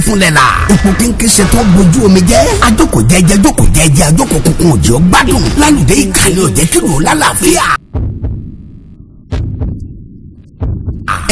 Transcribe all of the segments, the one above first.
funfun lẹ̀ la. epo kínkín ṣe tó bójú omi jẹ́. ajoko jẹ́jẹ́ ajoko jẹ́jẹ́ ajoko kunkun òjò gbádùn. lálùdé ìkànnì òjẹ́ kílò lálàáfíà.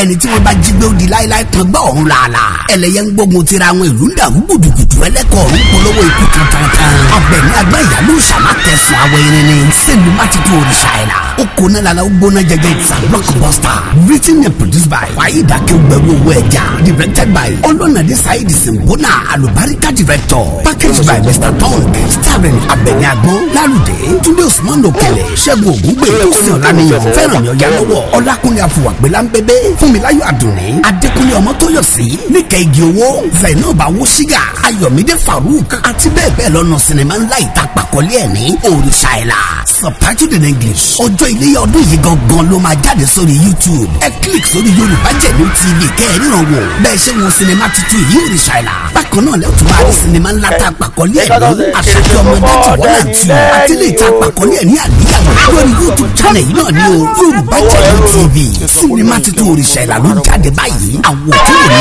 ẹni tí wọ́n bá jí gbé odi láéláé kan gbọ́ ọ̀run làálà ẹlẹ́yẹ ń gbógun tira àwọn ìlú ń dàrú gbùdùgbùdù ẹlẹ́kọ̀ọ́ ń polówó ikú kankankan ọbẹ̀ ní agbá ìyálò sàmà kẹsàn àwọ̀ irinrin sẹ́lu má ti tó òrìṣà ẹ̀ la ó kó náà lala ó gbóná jẹjẹ it's blockbuster written and produced by wáyé dàkẹ́ owó ẹja directed by ọlọ́nàdé saheed simbona alubarika director packaged by mr tong starring abẹ̀ni agbọ́n lálùdé túndé usman okele ṣẹ́gun ògúngbè lọ́sìn ọ̀lànìyàn fẹ́ràn yọ̀yà lọ́wọ́ ọlákùnrin funmilayo adùnrín adékúnlé ọmọtóyọ̀sí níkẹ́ igi owó zainab awosiga ayọ̀mídé farouk àti bẹ́ẹ̀ bẹ́ẹ̀ lọ́nà sinimá ńlá ìta pàkọ́lé ẹ̀ ní òrìṣà ìlà subtitled in english ọjọ́ iléyá ọdún yìí gangan ló máa jáde sórí youtube ẹ click sórí yorùbá jẹ̀lú tv kẹ́ ẹ̀ ríran wò bẹ́ẹ̀ ṣe wọn sinimá tuntun yìí òrìṣà ìlà kan náà lẹ́tọ̀ọ́ máa rí sinimá ńlá tá a pàkọ́lé ẹ̀ ní àṣàkí ọmọdé tìwọ́n náà tì í àti lè ta pàkọ́lé ẹ̀ ní àníyàwó lórí youtube channel yìí náà ni o yorùbá channel tv sinimá titun òrìṣà ìlànà jáde báyìí àwọn òtún ìlú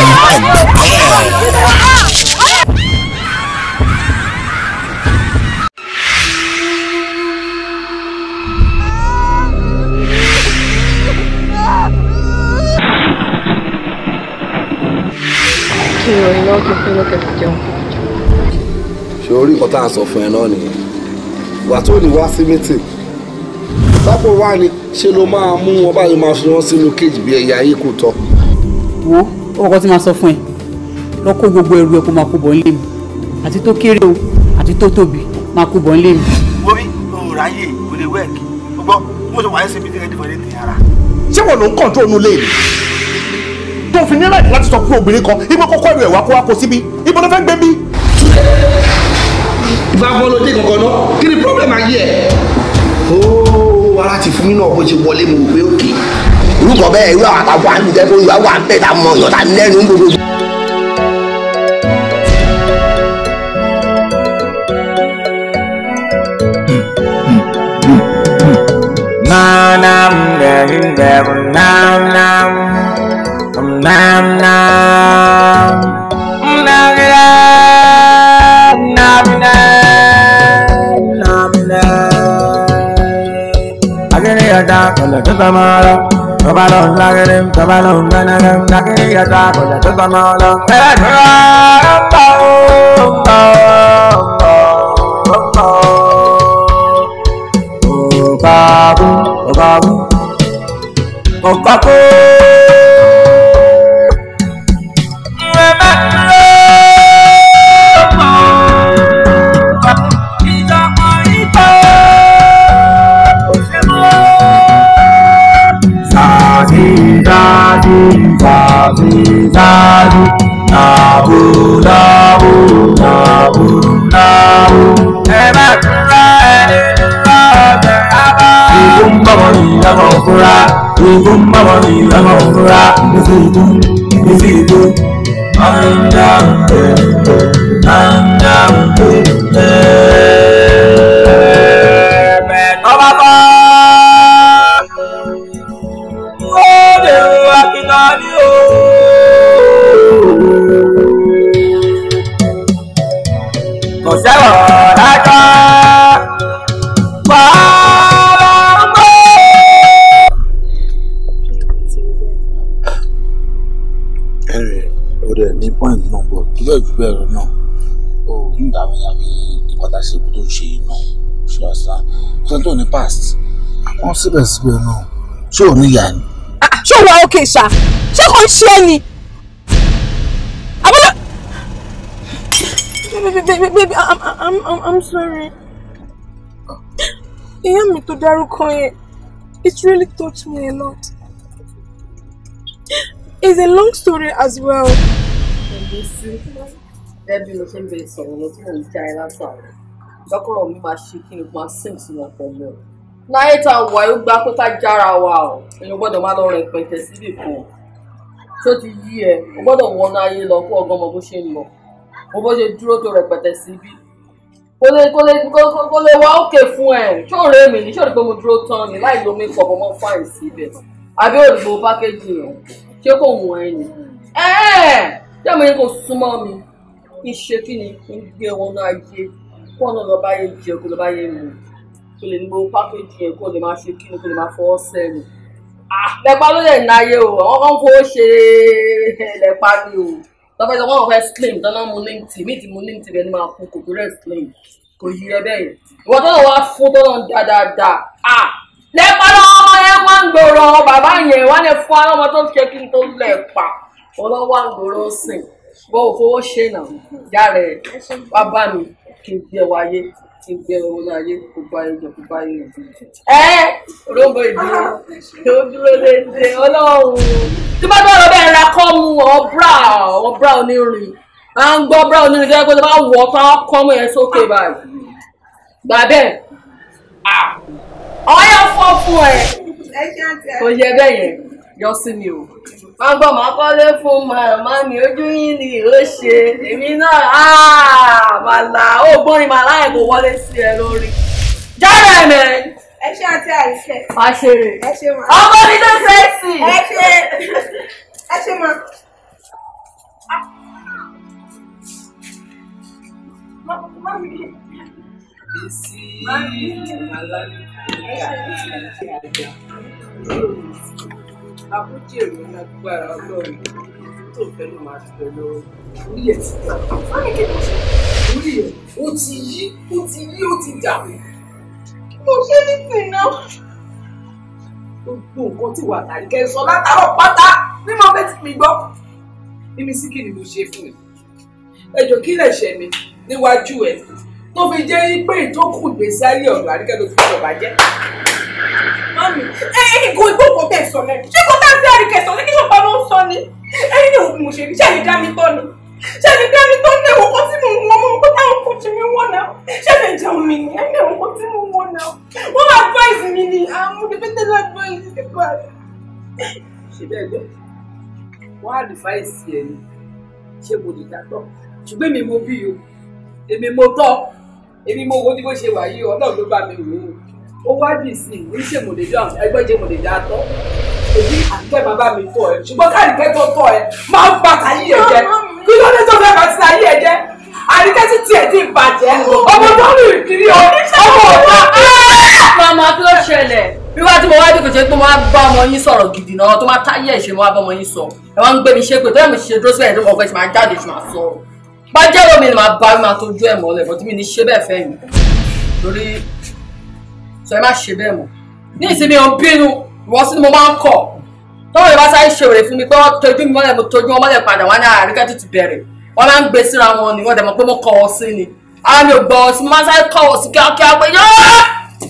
ẹgbẹ́ bẹ́ẹ̀. kí n rìn náà kí n fún lọ́kẹ́ ti jẹun. ṣé orí nǹkan tá à ń sọ fún ẹ náà nìyẹn wà tó ní wá sí mítìn lápò wá ni ṣé ló máa mú wọn báyìí máa fi wọn sínú kéèjì bí ẹyà ayé kò tọ. wo ọkọ tí máa sọ fún ẹ lọ kó gbogbo ẹrù ẹ kó máa kó bọ̀ nílé mi àti tó kéré o àti tó tóbi máa kó bọ̀ nílé mi. wo bí òun ráyè kò lè wẹ́ẹ̀kì gbogbo mo ṣe wáyé síbi tí ẹ dìbò ní tìyàrá. ṣé wọn ló ń kọ́ńtró nulẹ̀ mi tó fi ní láì láti sọ fún obìnrin kan ibo kọ́kọ́ ẹ̀rọ ẹ̀wà kó wá kó síbi ibo ló fẹ́ gbé bí. ìgbà wo ló dé kankan náà kí ni problem ayé ẹ̀. ooo ti fún mi náà bó ṣe wọlé mo gbé òkè. irú kan irú àwọn àtàwọn àmì tẹ́kọ̀ọ́ ìwà wà ń bẹ̀ tá a mọ̀ ọ̀yọ́ tá a lẹ́nu gbogbo. nam nam Nam Nam Nam Nam Nam Nam Nam Agariyata kula tutamala Tabalon lagarim tabalon ganagam Agariyata kula tutamala Agariyata kula tutamala Oh babu, oh babu, oh babu Nabu, Nabu, Nabu, Nabu, Nabu. Ẹ má fura ẹni lọ ọbẹ̀ àbá. Ìgún bọ̀mọ̀ ní ìlànà òfura. Ìgún bọ̀mọ̀ ní ìlànà òfura. Ìfi ìdún, ìfi ìdún. Ọ̀rìn dáhùn pé, ọ̀rìn dáhùn pé, ẹ̀ẹ́. síbẹ̀síbẹ̀ náà ṣé ò ní ìyá ni. Ah, ṣé wàá òkè ṣá ṣé kò ń ṣe é ni. àbúrò. baby baby baby i'm i'm i'm I'm sorry. ìyá me to Daru yẹn it really touched me a lot. it's a long story as well. ẹbí láyé tá a wà ó gbá pé ká jára wa o èèyàn gbọ́dọ̀ má lọ rẹpẹtẹ síbì kan tó ti yí ẹ o gbọ́dọ̀ wọnú ayé lọ kó ọgbọ́n ọmọ bó ṣe ń lọ mo bó ṣe dúró tó rẹpẹtẹ síbì kó lè kó lè kó lè wá òkè fún ẹ ṣòro èmi ní ṣòro pé mo dúró tán ni láì lo make ọmọ fáìn síbẹ̀ àbí òdìbò pákéjì rẹ ṣé kò wọ ẹ ni ẹ ẹ mi kò súnmọ́ mi kí ṣe kí ni kí n gbé wọn náà kó ọ̀nà kò lè ní gbogbo pákéjì yẹn kó lè máa ṣe kí ni kó lè máa fọwọ́ sẹ́nu. Ah. lẹ́pa ló lè náyé o àwọn kan fowó ṣe lẹ́pa ni o tọ́pẹ́ tí wọ́n fẹ́ slim dáná mu limti mí ti mu limti bẹ́ẹ̀ ni máa kú kò tó rẹ̀ slim kò yí ẹ bẹ́ẹ̀ yẹn ìwọ tó lọ wá fún tó lọ dáadáa ah! lẹ́pa lọ́wọ́ yẹn wá ń gbòòrò àwọn bàbá yẹn wá lè fún ọlọ́mọ tó ń ṣe kí n tó lẹ́pa ọlọ́wọ́ à ń gbòòrò sìn bó o fowó ṣe nà yára ẹ̀ wá bá mi kí n bí wáyé ìgbẹ́ òun ayé kò bá ẹjọ́ kò bá ẹjọ́ ìdíje. ẹ rógbò ìdúró ló dúró léde ọlọ́run tí bá tọ́ ọ bẹ́ẹ̀ ra kọ́ mu ọ bra ọ bra onírin à ń gbọ́ bra onírin tó yẹ kó tó bá wọ̀ ọ́ kọ́ mu yẹn sókè báyìí gbà bẹ́ẹ̀ ọ̀yà fọ́ fún ẹ kò yẹ bẹ́ẹ̀ yẹn yọ sí mi o. wọ́n gbọ́ máa kọ́lé fún màmá mi ojú yín ni ó ṣe èmi náà màlá ó gbọ́n ìmàlá ẹ̀ kò wọlé sí ẹ lórí. jáde mẹ́rin ẹ ṣe àti àìṣe. má ṣe rè ẹ ṣe mọ. ọmọ mi ló fẹ́ sí. ẹ ṣe ẹ ṣe mọ. Bísí alágbèéká àgbà abújèrè lágbára ọlọ́run tó fẹ́ ló máa ti dà báyìí kí ló orí ẹ̀ ó ti yí ó ti yí ó ti dà mo ṣe ní tìǹà. gbogbo nǹkan tí wà á kẹ́ ẹ sọ látàárọ̀ pátá ní mo fẹ́ ti mi gbọ́ mímí sí kí ni mo ṣe fún ẹ ẹjọ́ kí lè ṣe mi níwájú ẹ tó fi jẹ́ pé ìtókùn ìgbésí ayé ọ̀dọ̀ àríkẹ́ ló fi jọba jẹ́. Mami, ẹyin kò gbọ́ kò tẹ̀ sọ lẹ́nu. Ṣé kò tẹ̀ sí àríkẹ̀ sọ sí kí ṣọ̀pá ló ń sọ ni? Ẹyin ni òun mo ṣe rí, ṣé ẹ̀yin dá mi tọ́ ni? Ṣé ẹ̀yin dá mi tọ́ ni ẹ̀wọ̀n kan tí mo ń wọ́n kó táwọn kò ṣe mi wọ́n náà? Ṣé ẹ̀fẹ̀ jẹun mi ni? Ẹ̀yin ẹ̀wọ̀n kan tí mo ń wọ́n náà. Wọ́n advice mi ni àwọn ah, olùgbẹ́tẹ̀ advice ti pa. Ṣé bẹ́ẹ̀ gbọ́? Wọ́n advice ẹ̀ ni. Ṣé mo lè dátọ̀? Ṣùgbọ́n èmi mo bí o. Èmi mo tọ́. Èmi mo wo ní bó ṣe wà yìí, Ọlọ́run ló bá mi wò ó ó wá dì sí ní ṣèmọ̀lẹ́dẹ́ àwọn ẹgbẹ́ ṣèmọ̀lẹ́dẹ́ àtọ́ èyí àtúntẹ̀ bàbá mi tọ̀ ẹ́ ṣùgbọ́n káàdìkẹ́ tó tọ̀ ẹ́ máa ń bàtà yí ẹ̀ jẹ́ kí ló dé tó fẹ́ bàtà yí ẹ̀ jẹ́ àríkẹ́ tí tiẹ̀ ti bàjẹ́ ọmọ tó ń rìn kiri ọ ọmọ ọ̀tá. màmá kí ṣẹlẹ̀ bí tí mo wá dé kò pé mo wá bá ọmọ yín sọ̀rọ̀ gidi náà tó máa táyé ẹ̀ṣẹ̀ mo wá bá ọmọ yín sọ ẹ wá ń gbé mi ṣe pé tó yẹ ṣe dúró sílẹ̀ tó kọ̀ ṣe máa jáde ṣe máa sọ̀rọ̀ bá jẹ́wọ́ mi ni màá bá mi máa tójú ẹ̀ mọ́lẹ̀ bọ́tí mi ní ṣe bẹ́ẹ̀ fẹ́ yìí lórí sọ ẹ má ṣe bẹ́ẹ̀ mọ́ ní ìsinmi ò bínú ìwọ sí mo máa ń kọ̀ tọ́wọ́ yorùbá sáré ṣe fún mi pé wọ́n tọ́jú mi mọ́lẹ̀ mo tọ́jú wọn mọ́lẹ̀ padà wọn ní ah, àríkẹ́ tó bẹ̀rẹ̀ wọn máa ń gbé síra wọn ni wọn dẹ̀ mọ̀ pé mo kọ̀ ọ́ sí ni ara mi ò gbọ́ ọ sí mo máa ń sáré kọ̀ ọ́ sí kíákíá pé yọ́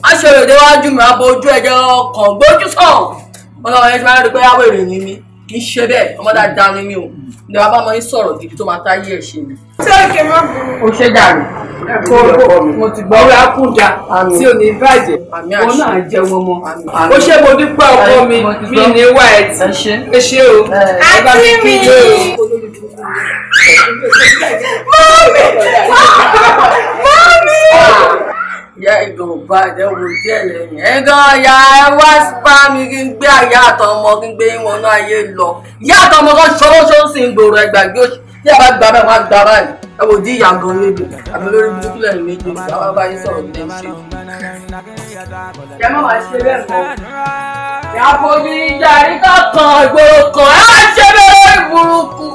á ṣe òrè déwájú mi àbò ojú ẹ̀jẹ̀ ọkàn gbójú sàn wọn náà kì í ṣe bẹ́ẹ̀ ọmọ dáadáa ni mi ò ní wàá bá ọmọ sọ̀rọ̀ gidi tó máa táyé ẹ̀ ṣe mi. tí ó kè má burú. o ṣe dàrú kó mo ti gbọ́ orí akúnda tí ò ní bàjẹ́ wọn náà jẹ́ wọn mọ́. ó ṣe mo dúpẹ́ ọkọ mi mi ní wá ẹ tí ẹ ṣe o ẹ bá mi kí ló. mọ́mí mọ́mí ìyá ìjọba àdẹ́wò díẹ̀ lẹ́yìn. ẹ̀gán ọ̀yà ẹ wá bá mi kí n gbé àyà àtọmọ kí n gbé wọn náà ayé lọ. ìyá àtọmọ kan ṣọwọ́ṣọ́ sí gbòòrò ẹgbàgbé òṣì tí a bá gba bẹ́ẹ̀ wọ́n á gba báyìí. ẹ wò di ìyàgò méjì àbí lórí burúkú lẹ́yìn méjì àwọn abáyé sọ̀rọ̀ ní ṣe. ìyá máa ṣe bẹ́ẹ̀ mọ́. ìyá fojú ìjà rí kankan ìgboro kan ẹ wá ṣe bẹ́ẹ̀ lórí burúkú.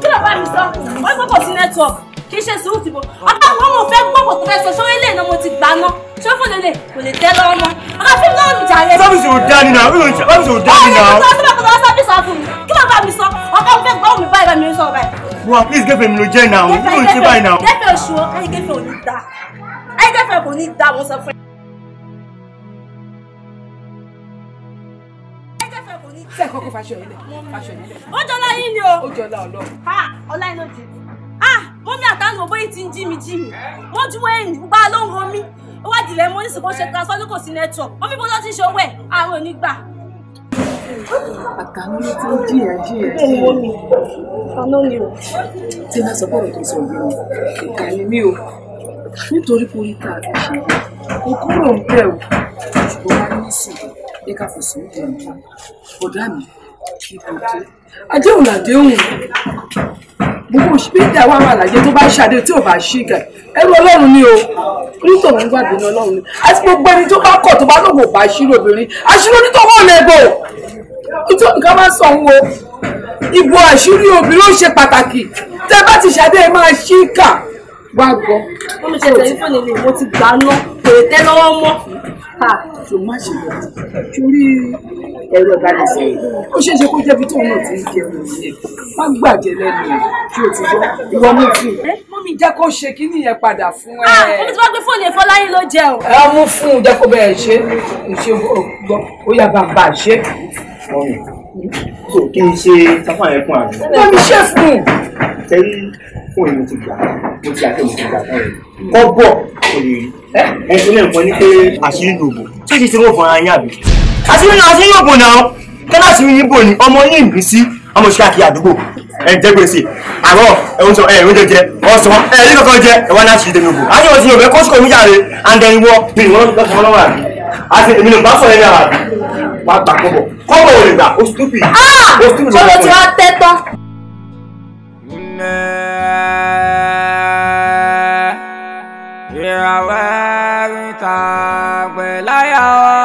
kí ló bá mi sọ fún un kì í ṣe sùúrù tìbò ọ̀tá àwọn ọmọ òfẹ́ gbọ́kọ̀ tó fẹ́ sọ ṣọ́wé lè ti gbà ná ṣé fún lele kò lè tẹ́ lọ́wọ́ ọ̀gá fún mi lọ́rùn jàre. sábìsì ò dání náà sábìsì ò dání náà. ọ̀rẹ́ mi tó sábà tó lọ́wọ́ sábìsì àfún mi kí ló bá mi sọ ọ̀gá òfẹ́ gbọ́ mi báyìí bá mi sọ báyìí. wa please gẹ́fẹ̀ mi ló jẹ́ náà mi ò ṣe báyìí náà. gẹ́fẹ̀ oṣù o ayé gẹ́fẹ̀ ò ní da ayé gẹ́fẹ̀ kò ní da mo sọ fún ẹ. sẹ́ẹ̀kọ́ kó faṣọ yìí lẹ̀ faṣọ yìí lẹ̀. ó jọlá yín ni o. ó jọlá ọlọ́run. ha ọlá yín ló ti mọ́mí àtàlù òbóyè ti ń jí mi jí mi wọ́n ju ẹ̀yìn gba ló ń romi ó wá dìlẹ̀ mọ́ nísìkò ṣe transfer ní kò sí network mọ́mí bó ló ti ṣe owó ẹ̀ àrùn ò ní gbà. àtàlù ló ti ń jí ẹ jí ẹ jí ẹ àná ni o. tí bá sọ bọ́ọ̀rọ̀ tó sọ yìí o ìkà ni mí o nítorí forí tá a ti ṣe o kúrò ń bẹ̀ o ṣùgbọ́n wá ní sùn ẹ ká fò sùn dẹ̀ ọ̀dà mi kí ibùdó àdéhùn àdéhùn gbogbo spíríta wà wà láyé tó bá ṣàdé tí ò bá ṣí kẹ ẹrú ọlọ́run ni o onítọ̀hún gbàgbé ní ọlọ́run ni àti gbogbo ẹni tó bá kọ̀ tó bá lòwò bá ṣírò obìnrin àṣírí onítọ̀hún ò lè bò nítorí nǹkan máa ń sọ òun o ìbò àṣírí obìnrin ó ṣe pàtàkì tẹ́ bá ti ṣàdé máa ṣí kà wá gbọ́. wọ́n mi ṣe tẹlifóònù mi mo ti gbà á ná kò lè lọ́wọ́ mọ́ ṣùgbọ́n àṣẹ torí ẹ̀rọ ìbánisẹ̀ ó ṣeé ṣe kó jẹ́bi tóun náà ti ń jẹun yẹn má gbàjẹ́ lẹ́nu ẹ̀ tí o ti jọ ìwọ mú fún un. mọ́mí jẹ́ kó ṣe kínní yẹn padà fún ẹ. ẹni tí wọ́n gbé fóònù ẹ̀fọ́ láyé ló jẹ o. ẹ mú fún un jẹ́ kó bẹ̀rẹ̀ ṣe ṣe gbọ́ ó yà bá bá ṣe. mọ́mí tó kí n ṣe sáfà yẹn fún àná. mọ́mí ṣe fún un fún èmi ti gbà mo ti àti mo ti gbà báyìí kọ́ bọ̀ kò lè rí ẹ ti lè nǹkan ní pé àṣírí lòbò ṣéṣe tí wọ́n fọra yín àbí. àṣírí náà àṣírí lòbò náà kẹ́lá àṣírí yín bò ní ọmọ yín ìbí sí ọmọ ìṣẹ́ àti àdúgbò ẹ jẹ gbèsè àárọ̀ ẹwọn sọ ẹ oúnjẹ jẹ ọsàn ẹ ní kankan jẹ ẹwọn náà ṣì dẹnu bò àti wọn ti yọbẹ kọsùkọ mi jàre àǹdẹni wọ mi ni wọn lọsọ wọn lọ́wọ́ àbí àti èmi ni bá sọ yẹn ní àbí wàá gbà kọ́bọ̀ kọ́bọ̀ ò lè gbà ó stupid ó ah! stupid lọ. ọ̀rọ̀ tí wàá tẹ́ tán wẹ́rí ta pẹ̀ láyà wá.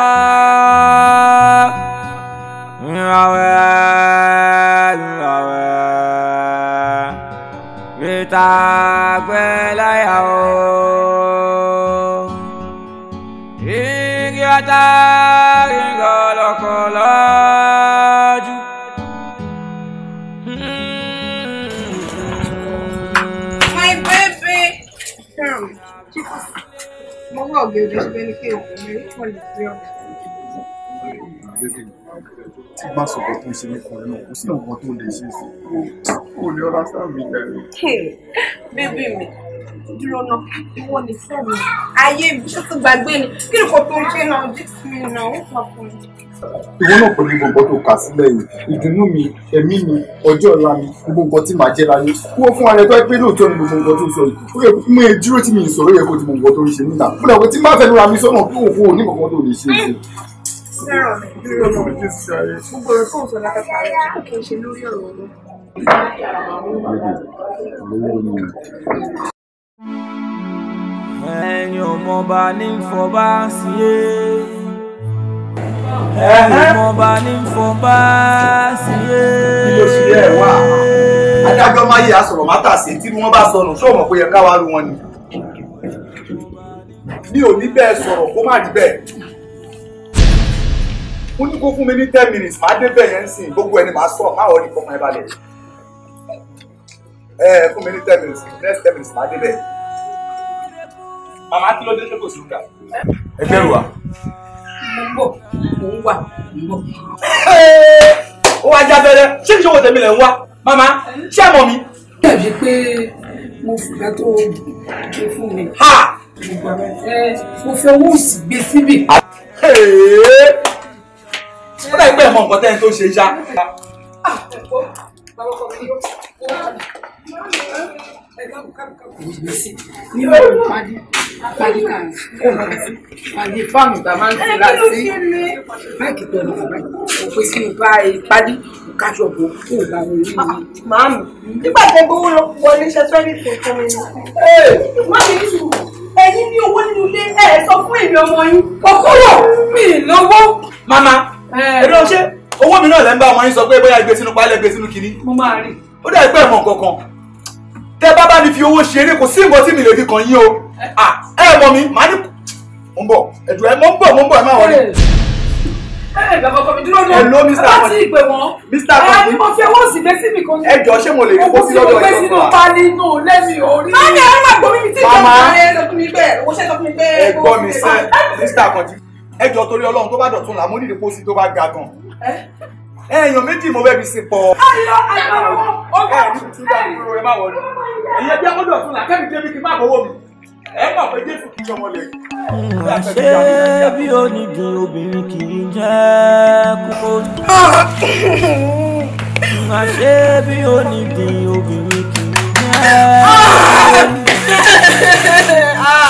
Ìrọ̀wẹ́ ìrọ̀wẹ́ rí ta pẹ̀ láyà wá. Ìrìn àtàrí ọ̀gẹ̀dẹ̀ ṣe ní kí ọkùnrin pọ̀ lè gbé ọ̀gẹ̀dẹ̀. tí bá sọ̀rọ̀ tó ń ṣe nípa ẹ̀ náà kò sí nǹkan tó lè ṣe sí kò ní ọlá sáàmì ìdájọ́. bébí mi dúró náà ìwọ ni fẹ́ mi ayé mi ṣé tó gbàgbé ni kí ni kò tó ń ṣe náà dí mi náà ó sọ fún mi ìwọ náà pẹ̀lú gbogbo tó kà sílẹ̀ yìí ìdùnnú mi ẹ̀mí mi ọjọ́ ọ̀la mi gbogbo nǹkan tí màá jẹ́ láyé wọ́n fún ara ẹ̀tọ́ pé lóòótọ́ ni gbogbo nǹkan tó ń sọ yìí ó yẹ kó mú ejúró tí mi ń sọ̀rọ̀ yẹ kó ti gbogbo tó ń ṣe níta fúnra pé tí má fẹ́ lóra mi sọ́nà kí òun òun ní tó lè ṣe é ẹ̀yin ọmọọba ní fọba sí i ìmọ̀ba ní fọba sí i. kí ló ṣe ẹ wá adájọ́ máyé àsọ̀rọ̀ mátà sí tí wọ́n bá sọnù ṣọ́ọ̀mù kó yẹ káwá lu wọn ni mi ò ní bẹ́ẹ̀ sọ̀rọ̀ kó má rí bẹ́ẹ̀ mo ní kó fún mi ní ten minutes máa dé bẹ́ẹ̀ yẹn sìn gbogbo ẹni máa sọ̀rọ̀ máa wọlé kọ́kàn ẹ balẹ̀ ẹ fún mi ní ten minutes next ten minutes máa dé bẹ́ẹ̀ màmá kí ló dé ṣe kò sí ìgbà. ẹ bẹ̀rù wa mo ń bọ̀ ó wá já bẹ́rẹ́ ṣé kìí ṣe owó tèmi lẹ̀ ń wá màmá ṣé ẹ mọ̀ mi. dàbí pé mo fìgbà tó gbé fún mi. mo fi owó òsì gbé síbì. ó dàbí pé ẹ mọ nǹkan tẹ́ni tó ṣe já. Ah, ní òòrùn pàdé pàdé kan pàdé fáàmù tá ń fura sí báàgì tó lọ bàbá yìí òpè sí ibà ìpàdé kájọ bò kó o bá wọn rí mi. màámi nígbà tó gbówó lọ wọlé iṣẹ́ twenty two fún mi. má mi ní sùn ní owó nínú ilé ẹ sọ fún èmi ọmọ yín. kòkòrò mi lówó. màmá èrè ọṣẹ owó mi náà lẹ́ ń bá ọmọ yín sọ pé bóyá gbé sínú pálẹ̀ gbé sínú kínní. mo máa rí. ó dà ẹgbẹ́ ìmọ̀ nǹkan kan tẹ bá bá ní fi owó ṣeré kò sí nǹkan tí mi lè fi kàn yín o ẹ mọ̀ mi màá ní mo ń bọ̀ ẹ̀dùn ẹ̀ mo ń bọ̀ mo ń bọ̀ ẹ̀ máa wọlé. ẹ bàbá kọ mi dúró náà ẹ ló mr kọ́ni ẹ bá ti ìpè wọn mr kọ́ni ẹ mo fi owó sí bẹ́sí mi kan ní. ẹ jọ ṣé mo lè rí kó sí lọ́dọ̀ ìjọba. mo kó sí mo lẹ́mi orí. má ní ẹ̀rọ àgbo mi tí ìjọba ẹ sọ fún mi bẹ́ẹ̀ owó ṣẹ́ sọ fún mi bẹ́ẹ̀. ẹ mi sẹ́ mr kọ́ni ẹ jọ torí ọlọ́run tó bá méjì mo bẹ́ẹ̀ fi sí pọ̀ ìyẹn bí akọ́dọ̀ tún là kẹ́mi débi kí n má bọ̀wọ́ mi ẹ mọ̀ pé jésù kì í ṣọmọ lẹ̀. ṣé bí onídìí obìnrin kì í jẹ́ kókó. ṣé bí onídìí obìnrin kì í jẹ́ kókó. Ah!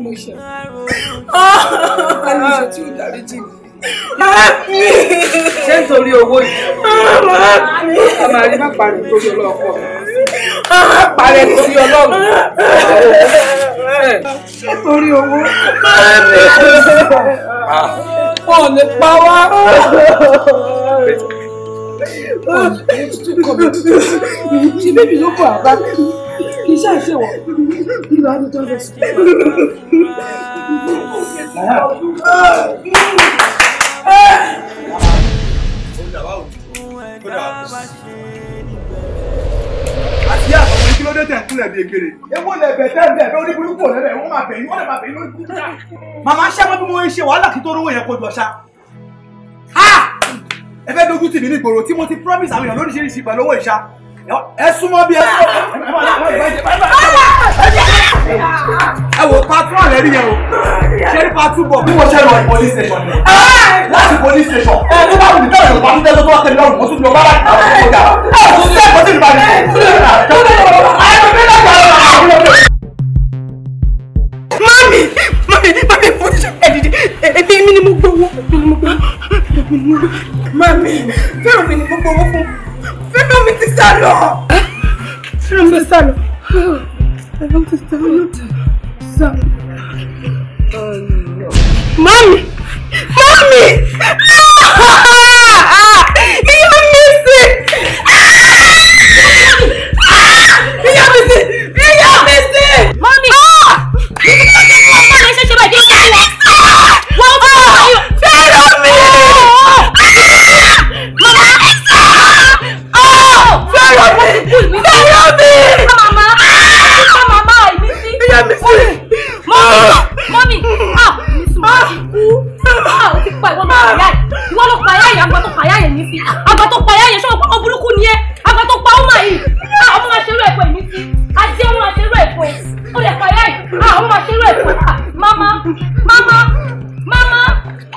mo ṣé nítorí owó yìí a máa rí má parí torí ọlọ́ọ̀kọ́ parí torí ọlọ́ọ̀kọ́ nítorí owó wọn ò lè ṣe bébì ló kọ àbá kì í ṣàṣẹ wọ nínú àdúgbò rẹ. àti yàtọ̀ wọn kí ló dé tẹ̀ kúlẹ̀ bíi ekele. ewu lè bẹ̀ tẹ́ bẹ̀ lórí burúkú lẹ́bẹ̀ wọ́n máa bẹ̀ yín wọ́n lè máa bẹ̀ yín lórí burúkú. màmá ṣẹ́ mọ́ bí mo ṣe wàhálà kí tó rówó yẹn kojú ọ̀ṣà ẹ fẹ́ dojú tì mí nígboro tí mo ti promise àwọn èèyàn lóríṣiríṣi pẹ̀lú owó ìṣá ẹ súnmọ́ bí ẹ ẹ wò patrol ẹ rí yẹn o ṣé ní patrol bọ̀ bí mo ṣe lọ police station ni láti police station ẹ ní báwo ni bẹ́ẹ̀ ló bá tún tẹ́lẹ̀ tó wá tẹ̀lé lọ́rùn mo tún lọ bá láti bá tẹ̀lé ọjà ẹ ò tún tẹ́lẹ̀ pọ̀sí ìbàdí tún lè rà tó lè rà àìsàn bí lọ́jà rà àwọn ọmọ rẹ̀. mami mami mami mo ṣe ẹ̀dìdì ẹ̀mí ni mo gbowó ni mo gbowó. Mami, Fẹ́mi ni gbogbo owó fún. Fẹ́mi ti sá lọ. Fẹ́mi ti sá lọ. Fẹ́mi ti sá lọ. Oh lọ. Mami! Mami! àgbà tó pa yáyẹ sọ́wọ́ pọ́kọ́ burúkú ni ẹ àgbà tó pa ọmọ yìí àwọn ah, máa ṣerú ẹ̀fọ́ èmi sí ajé wọn máa ṣerú ẹ̀fọ́ ẹ̀ ó lè pa yáyẹ àwọn ah, máa ṣerú ẹ̀fọ́ ah, mama mama mama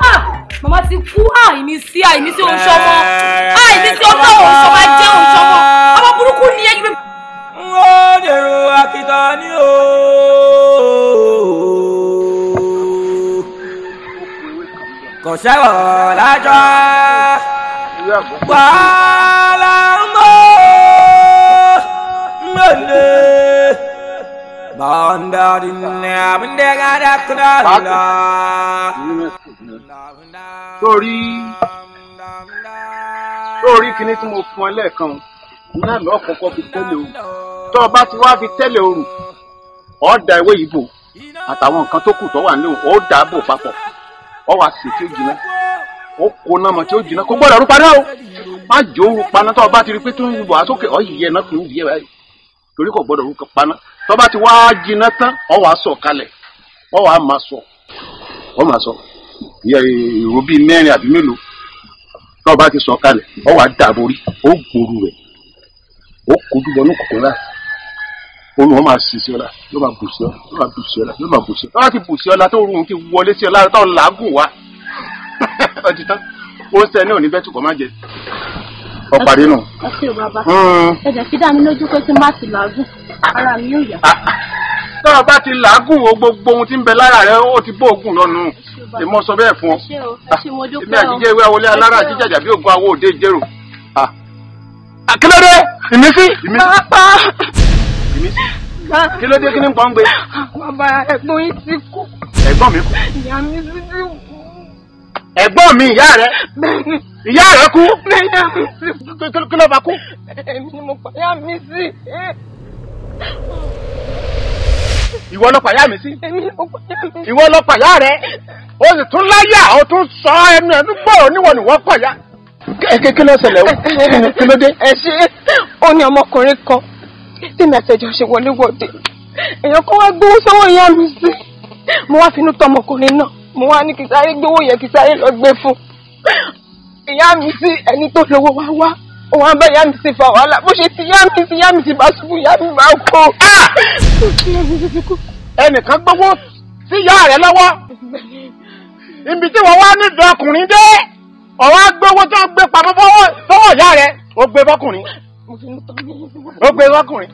ah mama ti kú ah èmi sí ah èmi sí oṣù ọmọ ah èmi sí ọmọ oṣù ọmọ ajé oṣù ọmọ ọmọ burúkú ni ẹ. n ó dèrò àkìtàn ni ooo. kò sẹ́wọ̀ lájọ́ wàhálà mọ́ lónìí. Sórí sórí kinní tí mo fún ẹ e lẹ́ẹ̀kan náà lọ́ọ́ kọ́kọ́ fi tẹ́lẹ̀ òrù. Tó o bá ti wá fi tẹ́lẹ̀ òrù, ọ̀ da ewé yìí bò àtàwọn nǹkan tó kù tó wà nílùú ó dà á bò papọ̀ ọ̀ wá sì tí ó ó kó náà mọ̀ tí ó jìnnà kó gbọ́dọ̀ rú paná o má jò ó rú paná tó o bá ti rí pé tó ń bọ̀ á sókè ọ̀yì yẹ náà kì í yẹ báyìí torí kò gbọ́dọ̀ rú paná tó o bá ti wá jìnnà tán ọ̀ wàá sọ̀ kalẹ̀ ọ̀ wàá máa sọ̀ ọ̀ máa sọ̀ ìró bíi mẹ́rin àbí mélòó tó o bá ti sọ̀ kalẹ̀ ọ̀ wàá dàborí ó gbòòrò rẹ̀ ó kojú bọnú kòkó náà olùwọ́ máa ṣiṣẹ́ sí ọ la máa bù sí ọ ló máa bù sí ọ la máa bù sí ọ tó ti bù kí wọlé sí ọ tó làágùn wa ọtí tán ó ń sẹ ní òní bẹ́tù kọ́ má jẹ ọ̀pàdé nù. ẹ ṣe o bàbá hmm. ẹ̀jẹ̀ fi dá mi lójú pé tí n bá ti làágùn ara mi yóò yá. Ah, ah. tọ́ ọ bá ti làágùn o gbogbo ohun tí ń bẹ lára rẹ ó ti bó oògùn lọ́nu èmo sọ bẹ́ẹ̀ fún ọ. Ah, èmi àjíjẹ́ ìwé awolé alára àjíjẹ́ àjàbí oògùn awo òde ìjẹ́rò. kílódé ìmísí. ìmísí kílódé kí ni pọ́ńgbé. bàbá ẹ̀gbọ́n yìí ti kú. ẹ̀gbọ́n mi kú. ìyá mi ti kú ẹ̀gbọ́n mi ìyá rẹ̀ ìyá rẹ̀ kú kí ló bá kú. èmi ni mo pàyà mi sí. ìwọ ló pàyà mi sí. èmi ni mo pàyà mi sí. ìwọ ló pàyà rẹ̀ o sì tún láyà o tún sọ ẹnu ẹnu gbòòrò níwọ̀n ni wọ́n pàyà. kí ló ṣẹlẹ̀ o kí ló dé. ẹ ṣe ó ní ọmọkùnrin kan tí mi àtẹjọ ṣe wọléwọ̀de èèyàn kan wá gbowó sọ́wọ́ ìyá mi sí mo wá finú tọmọkùnrin náà mo wá ní kí sáré gbówó yẹn kí sáré lọ gbé fún ìyá mi sí ẹni tó lówó wá wá òun abẹ́ ìyá mi sì fa wàhálà bó ṣe ti ìyá mi sí ìyá mi sì bá ṣubú ìyá mi máa kó. ẹnìkan gbowó sí ìyá rẹ lọ́wọ́ ibi tí wọ́n wá nídìí ọkùnrin dé ọ̀wá gbowó tó gbé pamọ́ fọwọ́ ìyá rẹ ó gbé fọkùnrin ó gbé fọkùnrin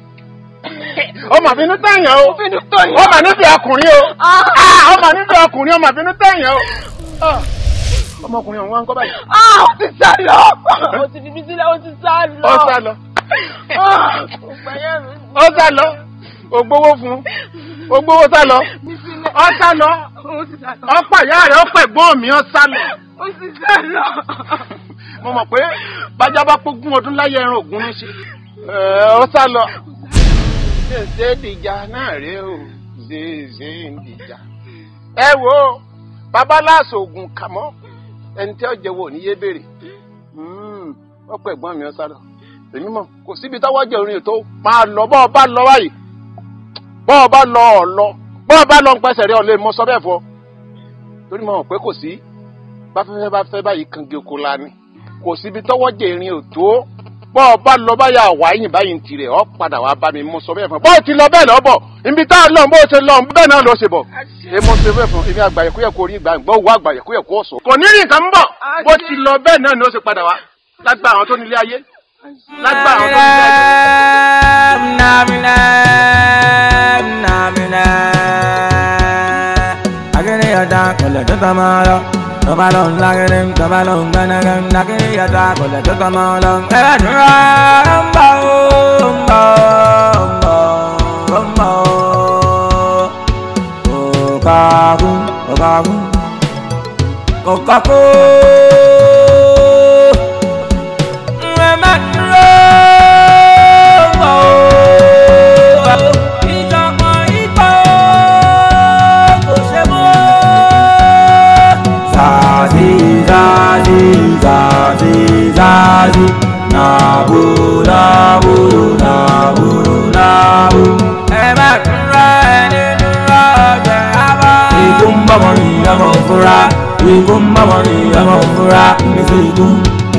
ọmọ àbínú tẹ̀yàn o ọmọ àbínú ọkùnrin o ah. Ah, ọmọ àbínú ọkùnrin ọmọ àbínú tẹ̀yàn o ah. ọmọkùnrin ọ̀hún wá ń kọ́ báyìí. ó ti sá lọ ó ti fi mí sílẹ̀ ó ti sá lọ. ó sá lọ ó sá lọ ó gbowó fún ó gbowó sá lọ ó sá lọ ó pa ìyá rẹ̀ ó pa ẹ̀gbọ́n mi ó sá lọ. ó ti sá lọ. mo mọ̀ pé bájá bá pógún ọdún láyé ẹran ògún ní ṣe eh, ó sá lọ ṣèṣe dìjà náà rèé o ṣèṣe dìjà. ẹ wo babaláṣọ oògùn kàmọ́ ẹni tí ó jẹ́wọ́ ò ní yé béèrè ọ̀pọ̀ hmm, ẹ̀gbọ́n mi ọ sá lọ èmi mọ̀ kò síbi táwọn jẹ orin ètò máa lọ bọ́ ọ bá lọ báyìí bọ́ ọ bá lọ ọ lọ bọ́ ọ bá lọ ń pẹ́sẹ̀ rẹ ọ lè mọ sọ bẹ́ẹ̀ fọ torí mọ̀ pé kò sí bá fẹ́fẹ́ bá fẹ́ báyìí kangi oko la kò síbi tọ́wọ́ jẹ irin ètò bọ́ ọ bá lọ báyà wáyìn báyìí ń tirẹ̀ ọ padà wá bá mi mú sọ bẹ́ẹ̀ fún ọ bọ́ ti lọ bẹ́ẹ̀ lọ bọ̀ ibi tá a lọ bó ṣe lọ bẹ́ẹ̀ náà lọ ṣe bọ̀ ṣe mo ṣe bẹ́ẹ̀ fún èmi àgbàyẹ kó yẹ kó rí ìgbà gbọ́ wọ àgbàyẹ kó yẹ kó sọ. kò ní nǹkan bọ̀ bó ti lọ bẹ́ẹ̀ náà ni ṣe padà wá lágbà àwọn tó nílé ayé lágbà àwọn tó nílé ayé. Come tọ́balọ̀ ńlágẹ́lẹ́ tọ́balọ̀ Come along, yàtọ̀ àkọlẹ̀ tó tọmọ lọ. ẹ bá dúró ń come along. ń bọ̀ ó ń bọ̀ ó oh, bọ̀ oh, kọ̀ọ̀kú oh, kọ̀ọ̀kú. nabu nabu nabu nabu nabu. ẹ má kúrò ẹni dúró ọgbẹ abọ. ikú ń bọ̀ wọ́n ní ọmọ òfúra ikú ń bọ̀ wọ́n ní ọmọ òfúra nífi ikú